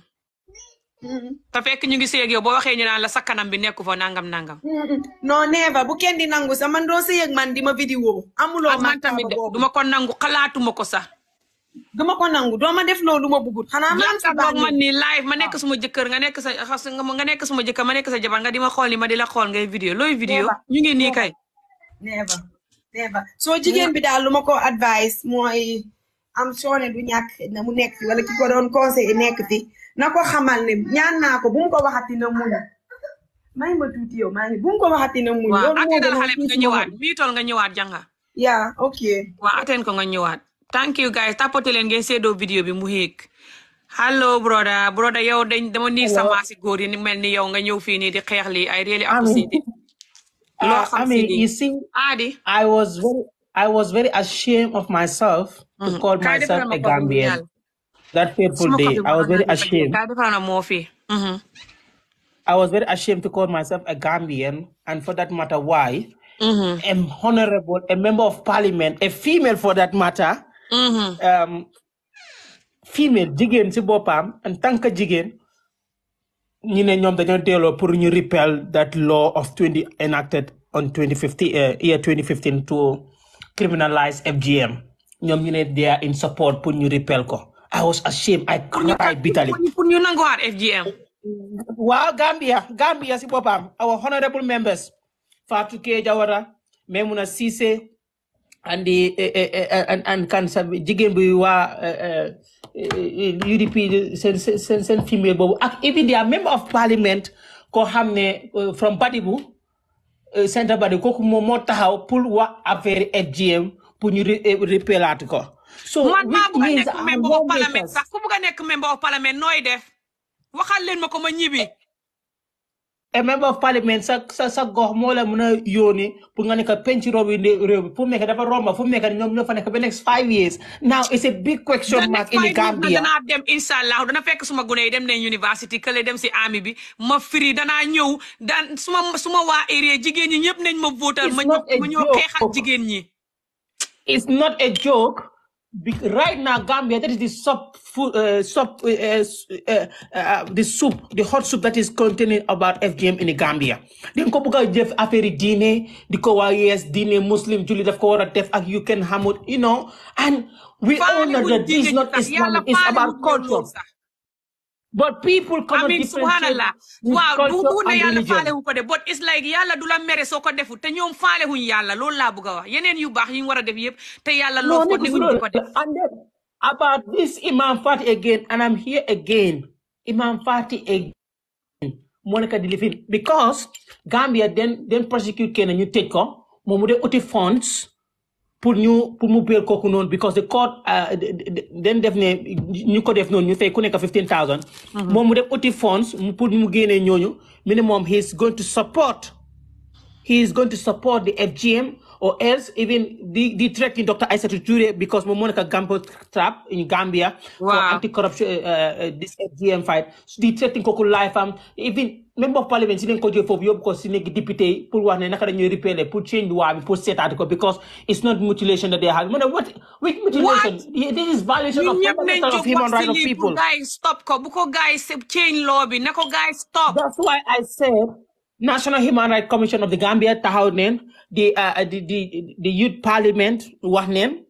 te fekk ñu ngi seeg yow boo waxee ñu naan la sa kanam bi nekk foo nangam nangam. Mm-hmm. non neeva bu kenn di nangu sax man doo seeg man di ma vidéo. amuloo man tamit de du ma ko nangu xalaatuma ko sax. du ko nangu doo ma def loolu ma bëggut. xanaa man sa baa man nii live ma nekk ah. suma jëkkër nga nekk sa nga nekk suma jëkkër ma nekk sa jabar nga di ma xool ma di la xool ngay vidéo looy vidéo ñu ngi nii kay. neeva neeva soo jigéen bi daal lu ma ko advice mooy am sone du ñàkk na mu nekk wala ki ko doon conseil nekk fi. na ko ne ñaan naa ko bu mu ko waxati muñ may mu ko waxati na muñ. waaw atténal xale nga ñëwaat miitool nga ñëwaat jànga. yaa ok. waaw atténal ko nga ñëwaat. thank you guys tapote leen ngeen seedoo vidéo bi mu héeg. allo broda broda yow dañ dama nii sama si mel ni yow nga ñëw fii nii di xeex lii ay réeli apusidi loo di I was very I was very ashamed of myself to mm-hmm. call myself a Gambian that fateful day, mm-hmm. I was very ashamed. to call myself a Gambian, and for that matter, why? mm honorable, a member of parliament, a female for that matter. Mm-hmm. Um, female, jigéen ci boppam, en tant que jigéen, ñu ne ñoom dañoo delloo pour ñu repel that law of enacted on 2015 FGM. Uh, ñoom ñu ne they in support pour ñu repel ko. I was ashamed. I cried bitterly. ñu nanguwaat FGM. waaw Gambia Gambia si boppam our honorable members Fatou K Jawara Memuna Cissé and the eh, eh, eh, and jigéen bi waa UDP seen seen boobu ak even their member of parliament koo xam ne from Badibu centre Badibu kooku moom moo taxaw pour affaire FGM pour ñu repelaat ko. so man maa bugg a nekk membre of parlement ku bugg a nekk membre of nooy def waxal leen ma ko ma ñibbi. membre of parlement sa sa sa gox moo la mën a yónni pour nga nekk penc roobu réew bi fu mu nekk dafa romba fu mu nekk ñoom ñoo fa nekk ba next five years now it's a big question mark in the Gambia danaa dem incha dana fekk suma gune yi dem nañ university kële dem si ami bi ma firi danaa ñëw daan suma suma waa area jigéen ñi ñëpp nañ ma votal ma ñëw xeexal jigéen ñi. it's not a joke. right now Gambia that is the sub food uh, sub uh uh, uh, uh, the soup the hot soup that is containing about FGM in Gambia dañ ko bëgg a jëf affaire yi di ko waa yes diine muslim julli daf ko war a def ak you can hamut you know and we all know that this is not Islam it's about But people come I mean, subhanallah. Wow, du du ne yalla faale wu ko de but it's like yalla du la mere soo ko defu te ñoom faale wuñ yalla loolu laa bëgg a wax yeneen yu baax yi ñu war def yëpp te yalla loo ko ne ko def. And then about this Imam Fati again and I'm here again Imam Fati again moo nekk di lifin because Gambia den den prosecute kenn ñu tëj ko moo mu de uti fonds pour ñu pour mu bail kooku noonu because the court den uh, def ne ñu ko def noonu ñu fay ku nekk fifteen thousand mm-hmm. moom mu def uti funds pour mu génnee ñooñu minimum he is going to support he is going to support the FGM or else even the the threatening Dr. Isatou Touré because mo Monica Gambo trap in Gambia wow. for anti-corruption uh, uh, this FGM fight so Koku life member of parliament si nañ ko jël foofu yóbbu ko si nekk député yi pour wax ne naka dañuy repeler pour change loi bi pour ko because it's not mutilation that they have mu what which mutilation this is violation of fundamental people guys stop ko bu ko guys change law bi na ko guys stop that's why i said national human rights commission of the gambia taxaw ne uh, di di di youth parliament wax neen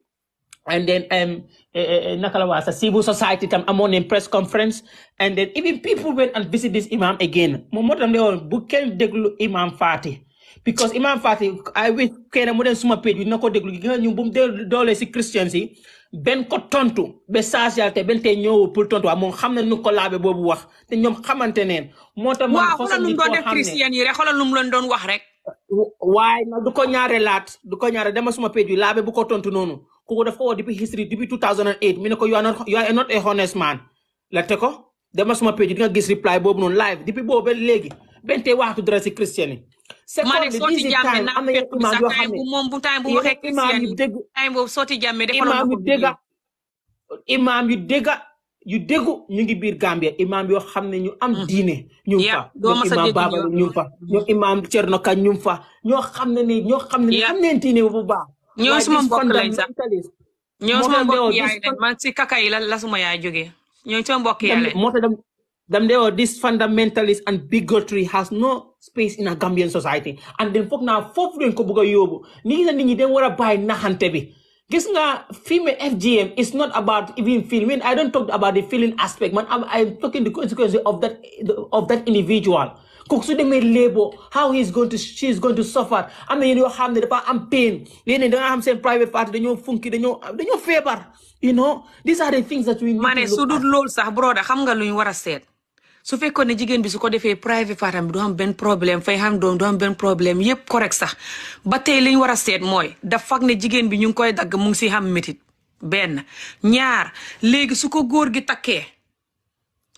and then um, Eh, eh, eh, naka la waa sa civil society tam amoon nañ press conference and then even people went and visit this imam again moom moo tam ne woon bu kenn déglu imam Fatty because imam Fatty I wish kenn mu dem suma page na ko déglu gi nga ñu bu mu dee doole si christians yi benn ko tontu ba saasial te benn tey ñëw pour tontu waaw moom xam na nu ko laabe boobu wax te ñoom xamante neen moo tam waaw xoolal nu mu doon def christian yi rek xoolal nu mu leen doon wax rek waaye du ko ñaare laat du ko ñaare dama suma page bi laabe bu ko tontu noonu kooku daf ko woo depuis history depuis 2008 mi ne ko you are not you not a honest la te dama suma page di nga gis reply boobu noonu live depuis boobu ba léegi benn tey waxtu dara si christian yi. ma ne na am na yenn imaam yoo xam ne moom bu temps bu waxee christian yi time boobu sotti jàmme dafa la ko dégg imaam yu dégg yu déggu ñu ngi biir Gambia imaam yo xam ne ñu am mm. diine ñu ngi fa ñoom imaam Babalu ñu ngi fa ñoom imaam Cerno Ka ñu fa ñoo xam ne ne ñoo xam ne ne am neen diine bu ñoo suma mbokk lañ sax ñoo suma mbokk yaay lañ si kaka la la suma yaay jógee ñoo suma mbokk yaay moo tax dam dee wax this fundamentalist and bigotry has no space in a Gambian society and then foog naa foofu leen ko bëgg a yóbbu ni gis nit ñi dañ war a bàyyi naxante bi gis nga filming FGM is not about even filming I don't talk about the feeling aspect man I'm talking the consequences of that individual kooku su demee léebo how he is going to she is suffer am na yéen yoo xam ne dafa am pain yéen da nga xam seen private party dañoo funki dañoo dañoo feebar you know these are the things that we need. su dul loolu sax broda xam nga lu ñu war a seet su fekkoon ne jigéen bi su ko defee private party am du am benn problème fay xam doom du am benn problème yépp correct sax ba tey li ñu war a seet mooy daf fag ne jigéen bi ñu ngi koy dagg mu ngi si xam métit benn ñaar léegi su ko góor gi takkee.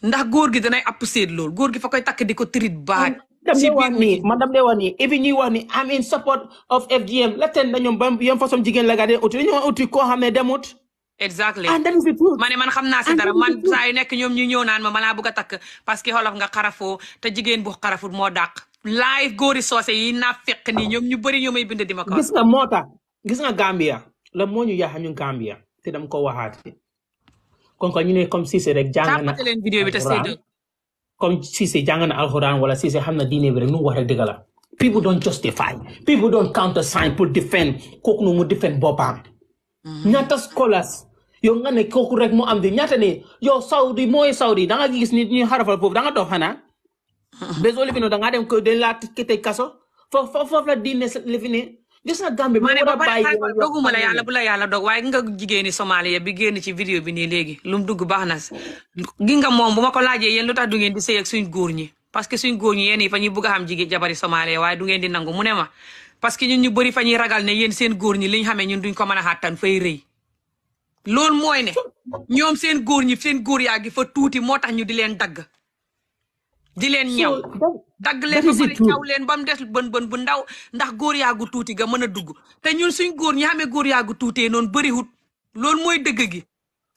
ndax góor gi danay app lool góor gi fa takk di ko treat back ci biir nii man dam dee wax nii et puis ñuy wax nii am in support of FGM la ten dañoom ba yom façon jigéen la gaa dee uti dañoo uti koo xam ne demut exactly ma ne man xam naa si dara man saa nekk ñoom ñu ñëw naan ma ma laa bëgg a takk parce que xolof nga xarafoo te jigéen bu xarafut moo dàq live góori soose yi naa fekk nii ñoom ñu bëri ñoo may bind di ma ko gis nga moo tax gis nga Gambia la moo ñu yaaxa ñu Gambia te dam ko waxaat kon ko ñu ne comme rek. jàng na comme Cissé jàng na alxuraan wala Cissé xam na diine bi rek nu mu wax rek dëgg la. people don't justify people don't countersign pour defend kooku nu mu defend boppam. Mhm. ñaata scholars yow nga ne kooku rek mu am de ñaata ne yow Saudi mooy Saudi da gis ni ñi xarafal foofu da nga mhm. lifino da nga dem ko dañ laa kite kaso foofu foofu la diine lifine gis nga Gambie bi mu war doguma la yàlla bu la yàlla dog waaye nga jigéeni Somalia bi génn ci vidéo bi nii léegi lu dug dugg baax na gi nga moom bu ma ko laajee yéen lu tax du ngeen di sëy ak suñ góor ñi parce que suñ góor ñi yéen yi fa ñuy bëgg a xam jigéen jabari Somalia waaye du di nangu mu ne ma parce que ñun ñu bëri fa ñuy ragal ne yéen seen góor ñi liñ xamee ñun duñ ko mën a xàttan fay rëy loolu mooy ne ñoom seen góor ñi seen góor yaa gi fa tuuti moo tax ñu di leen dagg di leen ñaw dagg leen ba pare caw leen ba mu des ban bën bu ndaw ndax góor yaagu tuuti ga mën a dugg te ñun suñ góor ñi xamee góor yaagu tuutee noonu bëriwut loolu mooy dëgg gi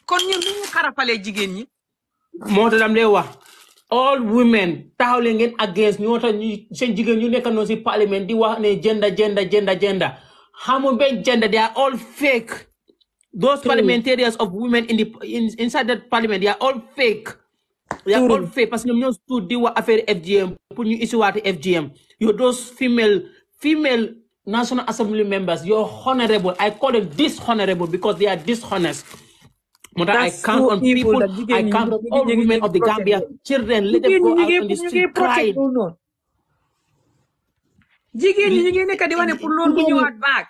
kon ñun lu ñu xarafalee jigéen ñi. moo tax dam le wax all women taxaw leen ngeen against ñoo tax ñuy seen jigéen ñu nekk noonu si parlement di wax ne gender gender gender gender xamul benn gender they are all fake. those parliamentarians of women in the inside that parliament they are all fake. They are all fake parce que ñoom ñoo di wax affaire FGM pour ñu isiwaati FGM yow those female female National Assembly members you honourable I call them dishonourable because they are dishonest. moo I count on people I count on the Gambia children let them go out on the street crying. jigéen ñi ñu ngi nekk di wane pour loolu ñu ñëwaat back.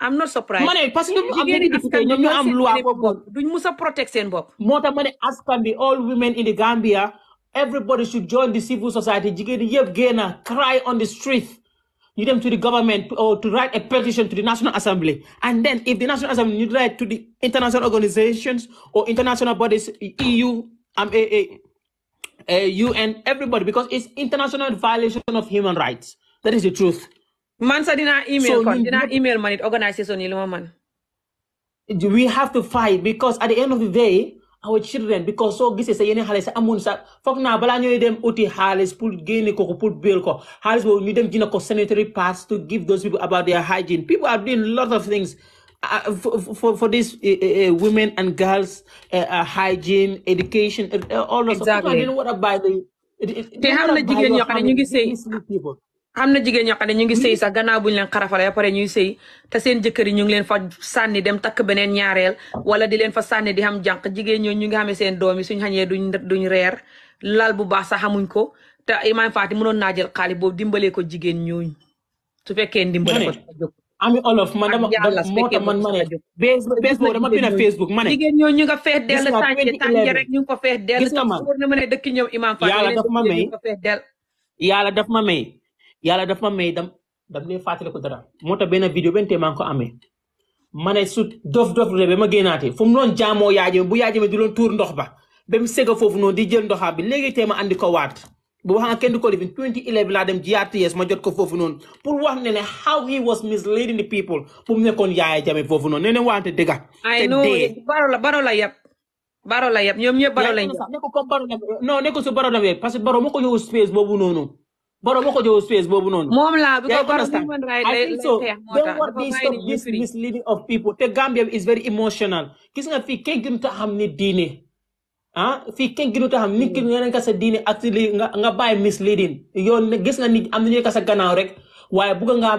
am not parce que am na a protect seen bopp. moo tax ma ne askan bi all women in the Gambia everybody should join the civil society jigéen ñi yëpp génn a cry on the street. you them to the government or to write a petition to the National Assembly. And then if the National Assembly you to the international organizations or international bodies, EU, um, a, everybody, because it's international violation of human rights. That is the truth. man sax dinaa email kon dinaa email man it organisation yi lu ma man we have to fight because at the end of the day our children because soo gisee sa yeneen xale sa amoon sa foog na balaa ñooy dem uti xaalis pour génne ko pour béel ko xaalis boobu ñu dem dina ko sanitary pads to give those people about their hygiene people are doing lot of things uh, uh, for, these uh, women and girls hygiene education all those of people I didn't want to buy the te am na jigéen yoo xam ne ñu ngi sëy am na jigéen ñoo xam ne ñu ngi sëy sax gannaaw bu ñu leen xarafale ba pare ñuy sëy seen jëkkër yi ñu ngi leen fa sànni dem takk beneen ñaareel wala di leen fa sànni di xam jànq jigéen ñoo ñu ngi xamee doom yi suñ xañee duñ duñ reer lal bu baax sax xamuñ ko te Imaam Faati mënoon naa jël xaalis boobu dimbalee ko jigéen ñooñu su fekkee ndimbale ko jóg ami olof man dama moo tax man ma ne bés boobu dama bina Facebook ma ne jigéen ñooñu ñu nga fees dell tànje tànje rek ñu ngi ko fees dell gis nga na ma ne dëkk ñoom Imaam Faati yàlla daf ma may yàlla daf ma may yàlla daf ma may dam dam lee fàttali ko dara moo tax benn vidéo benn tee maa ngi ko amee ma ne su dof dof le ba ma génnaatee fu mu doon jaamoo yaajame bu yaajame du loon tuur ndox ba ba mu sega foofu noonu di jël ndoxaa bi léegi tee ma andi ko waat bu wax nga ko lifin laa dem jiyaati yees ma jot ko foofu noonu pour wax ne ne how he was misleading the people pour nekkoon yaaya jame foofu noon nee na waante dëgg ay no baro la baro la yab baro la yab ñoom ñëpp baro lañ yab ne ko comme baro la non ne ko su baro parce que baro moo ko space boobu noonu boro ma ko jow space boobu noonu. moom laa bi ko boro human rights lay xeex moo tax dafa of people te Gambia is very emotional gis nga fii kenn gënu ta xam ni diine ah fii kenn gënu ta xam nit ki nga ne ka sa diine ak li nga nga bàyyi misleading yow gis nga nit am na ñu ka sa gannaaw rek waaye bugg nga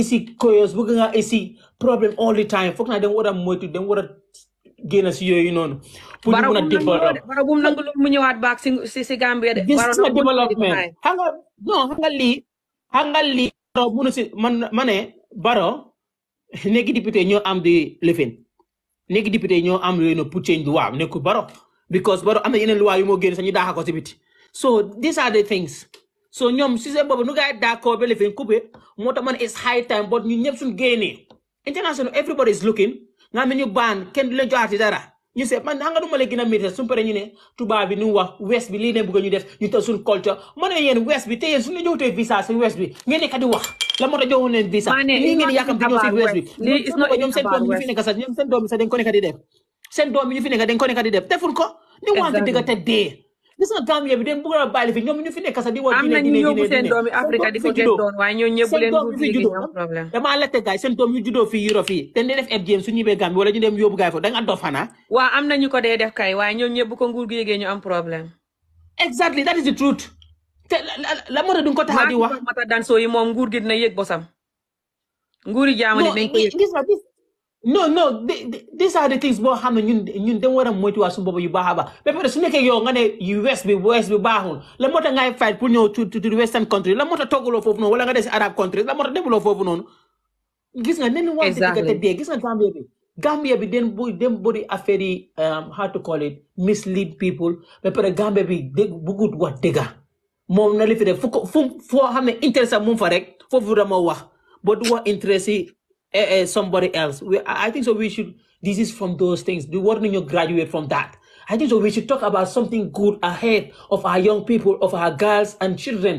isi koyos bugg nga isi problème all the time foog naa dem war a moytu dem war génn si yooyu noonu. pour ñu a développé baragum nangu loolu mu ñëwaat baak si si Gambie de. gis nga développement xam nga non xam nga lii xam nga lii. baro munu si man ma ne baro nekk député ñoo am di lëfin nekk député ñoo am yooyu noonu pour change ne nekkul baro because baro am na yeneen luwaa yu moo génn sax ñu daaxa ko si biti so these are the things so ñoom si seen boobu nu ngay d'accord ba lëfin coupé moo ta man is high time but ñu ñëpp génnee international everybody nga xam ne ñu baan kenn du leen joxaati dara ñu seet man nga du ma leen gën a mérité suñu ne tubaab bi nu mu wax west bi lii leen bëgg ñu def ñu tëj suñu culture ma ne yéen bi te yéen suñu la joxutee visa si west bi ngeen nekk di wax la moo tax joxoon visa lii ngeen yàkkam di bi ñoom seen doom ñu fi nekk sax ñoom seen doom sax dañ ko nekk di def seen fi nekk dañ ko nekk di ko ni wante dëgg te dee gis nga Gambie bi dañ bëgg a ñoom ñu fi nekk sax di woo am nañu ñoo ñëpp leen def FGM su ñibbee Gambie wala ko dee def kay nguur gi yégee ñu am problème exactly that is the la moo duñ ko taxaw di wax mata dan soo yi moom nguur gi dina yëg bosam nguuri jaamu ne dañ ko yëg no non these are the things boo xam ne ñun ñun dem war a moytuwaat suñu bopp yu baax a baax ba pare su nekkee yow nga ne yu west bi west bi baaxul la moo tax ngay fight pour ñëw to to western country la moo tax toggaloo foofu noonu wala nga des arab country la moo tax defuloo foofu noonu gis nga nen wax diggante dee gis nga Gambia bi Gambia bi den bo den body affaire yi um, how to call it mislead people ba pare Gambia bi dégg bugut wax dëgga moom na li fi def fu ko fu foo xam ne intérêt sax mu fa rek foofu dama wax boo du wa intérêt si uh, somebody else. We, I think so. We should. This is from those things. We want to graduate from that. I think so. We should talk about something good ahead of our young people, of our girls and children.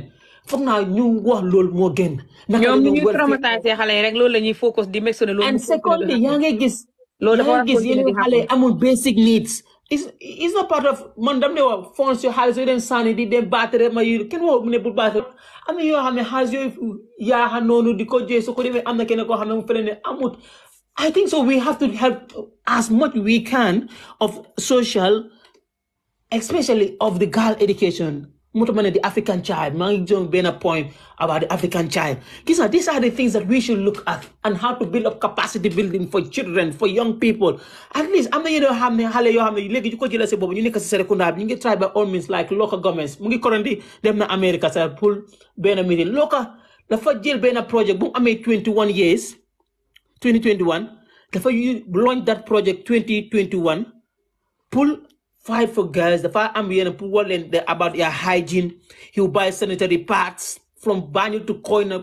foog naa ñu wax loolu moo gën. ñoom ñu ñu traumatisé xale yi rek loolu la ñuy focus di mentionné loolu. and secondly yaa ngay gis. loolu dafa war a gis basic needs. is is part of man dam ne wax fonds yu xaalis yu dem di dem baatare ma yu kenn woo mu ne bu baatare am na yoo xam ne xaalis yooyu yaaxa noonu di ko jëyee su ko defee am na kenn koo xam ne mu fële ne amut I think so we have to help as much we can of social especially of the girl education Mutu Mane, the African child, Mangi John Bena point about the African child. These are, these are the things that we should look at and how to build up capacity building for children, for young people. At least, am na yeneen yoo ne xale yoo xam ne léegi ñu ko jëlee si boobu ñu nekk si Serekunda bi ñu ngi try by all means like local governments mu ngi currently dem na America sa pour benn meeting local dafa jël benn project bu mu amee 21 years 2021 fight for girls dafa am yenn pour wax leen de about your hygiene he will buy sanitary pads from Banjul to Koina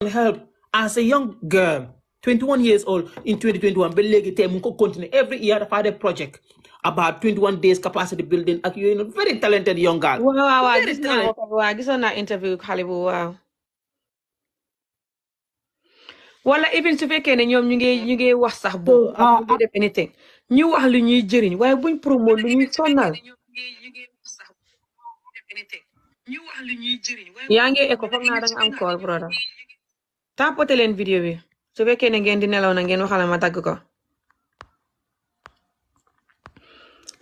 and help as a young girl 21 years old in 2021 ba léegi tey mu ngi continue every year dafa def project about 21 days capacity building ak yooyu noonu very talented young girl. wala even su fekkee ne ñoom ñu ngi ñu ngi wax sax ah ah ñu wax lu ñuy jëriñ waaye buñ promo lu ñuy sonal yaa ngi écho foog naa da nga am call brother tapote leen vidéo bi su fekkee ne ngeen di nelaw na ngeen waxala ma dagg ko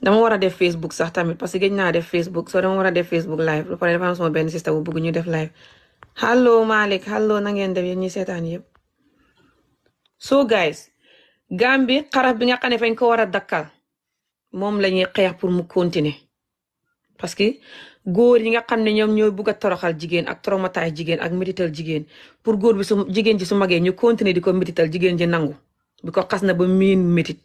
dama war a def Facebook sax tamit parce que gëj naa def Facebook soo dama war a def Facebook live lu pare dafa am sama benn sista bu ñu def live allo Malick allo na ngeen def yéen ñi seetaan yëpp so guys Gàmbi xaraf bi nga xam ne fañ ko war a dakkal moom la xeex pour mu continuer parce que góor yi nga xam ne ñoom ñooy bugg toroxal jigéen ak toromataay jigéen ak métital jigéen pour góor bi su jigéen ji su magee ñu continuer di ko métital jigéen ji nangu bi ko xas na ba miin métit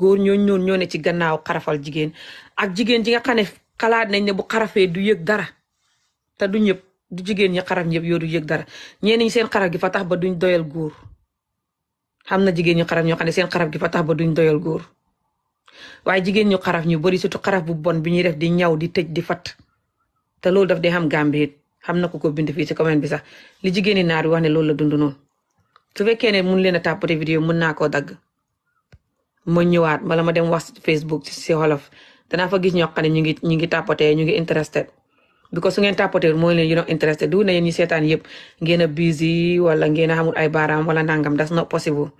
góor ñoo ñoon ñoo ne ci gannaaw xarafal jigéen ak jigéen ji nga xam ne xalaat nañ ne bu xarafee du yég dara te du ñëpp du jigéen ñi xaraf ñëpp yoo du yég dara ñenn seen xaraf gi fa tax ba duñ doyal góor xam na jigéen ñu xaraf ñoo xam ne seen xaraf gi fa tax ba duñ doyal góor waaye jigéen ñu xaraf ñu bari surtout xaraf bu bon bi ñuy def di ñaw di tëj di fat te loolu daf dee xam gàmbi xam na ko ko bind fii si comment bi sax li jigéeni naar yi wax ne loolu la dund noonu su fekkee ne mun leen a tàppate vidéo mën naa koo dagg ma ñëwaat bala ma dem wax Facebook si wolof danaa fa gis ñoo xam ne ñu ngi ñu ngi tàppatee ñu ngi interested because su ngeen tapoter mooy leen you know interested du ne yéen ñu seetaan yëpp ngeen a busy wala ngeen a amul ay baaraam wala nangam that's not possible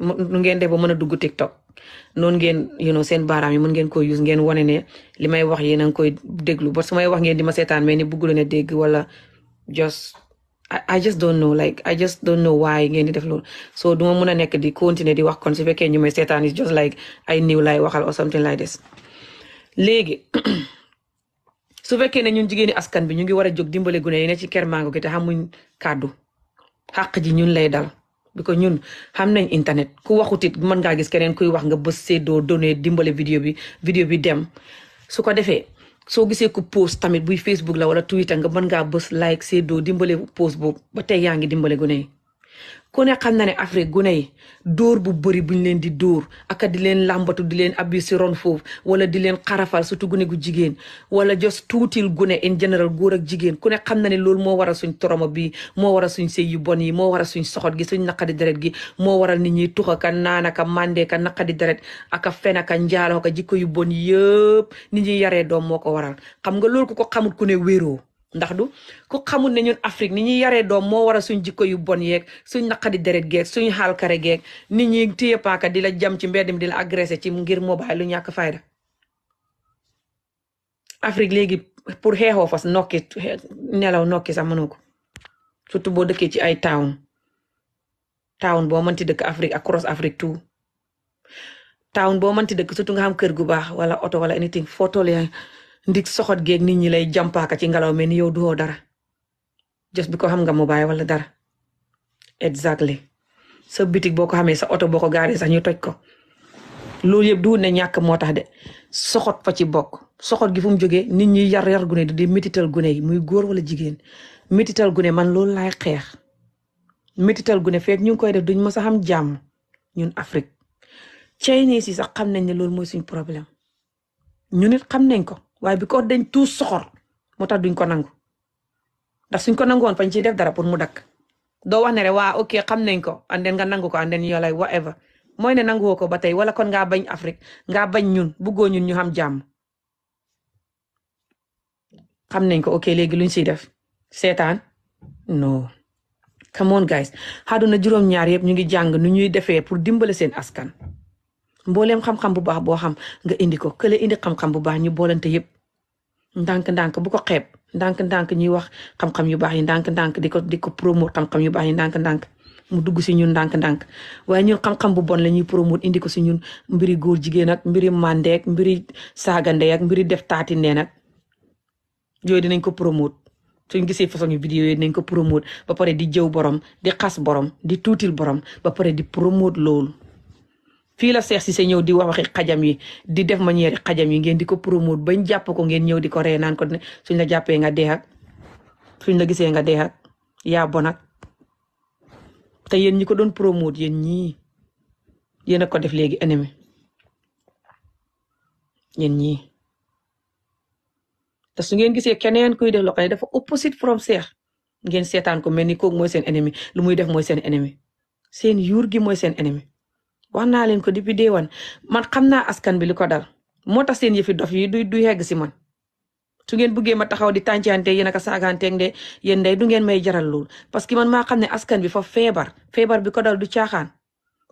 nu ngeen def ba mën a dugg TikTok noonu ngeen you know seen baaraam yi mën ngeen koy use ngeen wane ne li may wax yéen a ngi koy déglu ba su may wax ngeen di ma seetaan mais ni bëggul ne dégg wala just I just don't know like I just don't know why ngeen di def loolu so du ma mën a nekk di continuer di wax kon su fekkee ñu may seetaan is just like ay niw lay waxal or something like this léegi [clears throat] su fekkee ne ñun jigéeni askan bi ñu ngi war a jóg dimbale gune yi ne ci ker mango gi te xamuñ kàddu xàq ji ñun lay dal bi ko ñun xam nañ internet ku waxutit mën ngaa gis keneen kuy wax nga bës seddoo donné dimbale vidéo bi vidéo bi dem su ko defee soo gisee ku post tamit buy Facebook la wala Twitter nga mën ngaa bës like seddoo dimbale post boobu ba tey yaa ngi dimbale gune yi ku ne xam na ne Afrique gune yi dóor bu bëri buñ leen di dóor aka di leen làmbatu di leen abbi si foofu wala di leen xarafal surtout gune gu jigéen wala jos tuutil gune in général góor ak jigéen ku ne xam na ne loolu moo waral suñ toroma bi moo waral suñ sëy yu bon yi moo waral suñ soxot gi suñ naqadi deret gi moo waral nit ñi tuxa ka naanaka ka naqadi deret aka fenaka njaaloo ka jikko yu bon yëpp nit ñi yaree doom moo ko waral xam nga loolu ku ko xamut ku ne wéeroo ndax du ku xamul ne ñun Afrique ni ñuy yaree doom moo war a suñ jikko yu bon yeeg suñ naqadi deret geeg suñu xaalkare geeg nit ñi téye paaka di la jam ci mbedd mi di la agressé ci ngir mobile lu ñàkk fayda Afrique léegi pour xeexoo fas nokki nelaw nokki sax mënoo ko surtout boo dëkkee ci ay town town boo mënti dëkk Afrique across Afrique tout town boo mënti dëkk sutu nga xam kër gu baax wala oto wala anything photo leen ndig soxoot geeg nit ñi lay jàmpaaka ci ngelaw mel ni yow duhoo dara jos bi ko xam nga mu bàyyi wala dara exactly sa bitig boo ko xamee sa oto boo ko gaaree sax ñu toj ko loolu yëpp du ne ñàkk moo tax de soxot fa ci bokk soxot gi fu mu jógee nit ñi yar yar gune di métital gune yi muy góor wala jigéen métital gune man loolu lay xeex métital gune feek ñu ngi koy def duñ mës a xam jàmm ñun Afrique Chinese yi sax xam nañ ne loolu mooy suñ problème ñu xam nañ ko waaye bi ko dañ tuus soxor moo tax duñ ko nangu ndax suñ ko nangoon fañ ciy def dara pour mu dakk doo wax ne rek waa ok xam nañ ko anden nga nangu ko anden yoo lay whatever mooy ne nanguwoo ko ba tey wala kon ngaa bañ Afrique ngaa bañ ñun buggoo ñun ñu xam jàmm xam nañ ko ok léegi luñ siy def seetaan no come on guys na juróom-ñaar yëpp ñu ngi jàng nu ñuy defee pour dimbale seen askan mbooleem xam-xam bu baax boo xam nga indi ko kële indi xam bu baax ñu boolante yëpp ndànk-ndànk bu ko xeeb ndànk-ndànk ñuy wax xam-xam yu baax yi ndànk-ndànk di ko di ko promouvoir xam-xam yu baax yi ndànk-ndànk mu dugg si ñun ndànk-ndànk waaye ñun xam-xam bu bon la ñuy promouvoir indi ko si ñun mbiri góor jigéen ak mbiri mandeek mbiri saagande ak mbiri def taati nee nag yooyu dinañ ko promouvoir suñ gisee façon yu vidéo yooyu dinañ ko promouvoir ba pare di jëw borom di xas borom di tuutil borom ba pare di promouvoir loolu fii la Cheikh Cissé ñëw di wax waxi xajam yi di def manière xajam yi ngeen di ko promote bañ jàpp ko ngeen ñëw di ko ree naan ko ne suñ la jàppee nga dee ak suñ la gisee nga dee ya yaa bon ak te yéen ñi ko doon promote yéen ñii yéen a ko def léegi ennemi yéen ñii te su ngeen gisee keneen kuy def loo xam ne dafa opposite from Cheikh ngeen seetaan ko mel ni kooku mooy seen ennemi lu muy def mooy seen ennemi seen yuur gi mooy seen ennemi wax naa leen ko depuis day one man xam naa askan bi li ko dal moo tax seen yëfi dof yi du du yegg si man su ngeen bëggee ma taxaw di tàncante yéen ak a saagante de yéen day du ngeen may jaral lool parce que man maa xam ne askan bi fa feebar feebar bi ko dal du caaxaan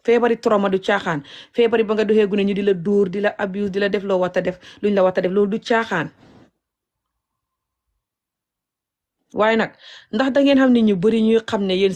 feebari trauma du caaxaan feebari ba nga doxee gune ñu di la dóor di la abuse di la def loo wata def luñ la wata def loolu du caaxaan waaye nag ndax da ngeen xam ne ñu bari ñu xam ne yéen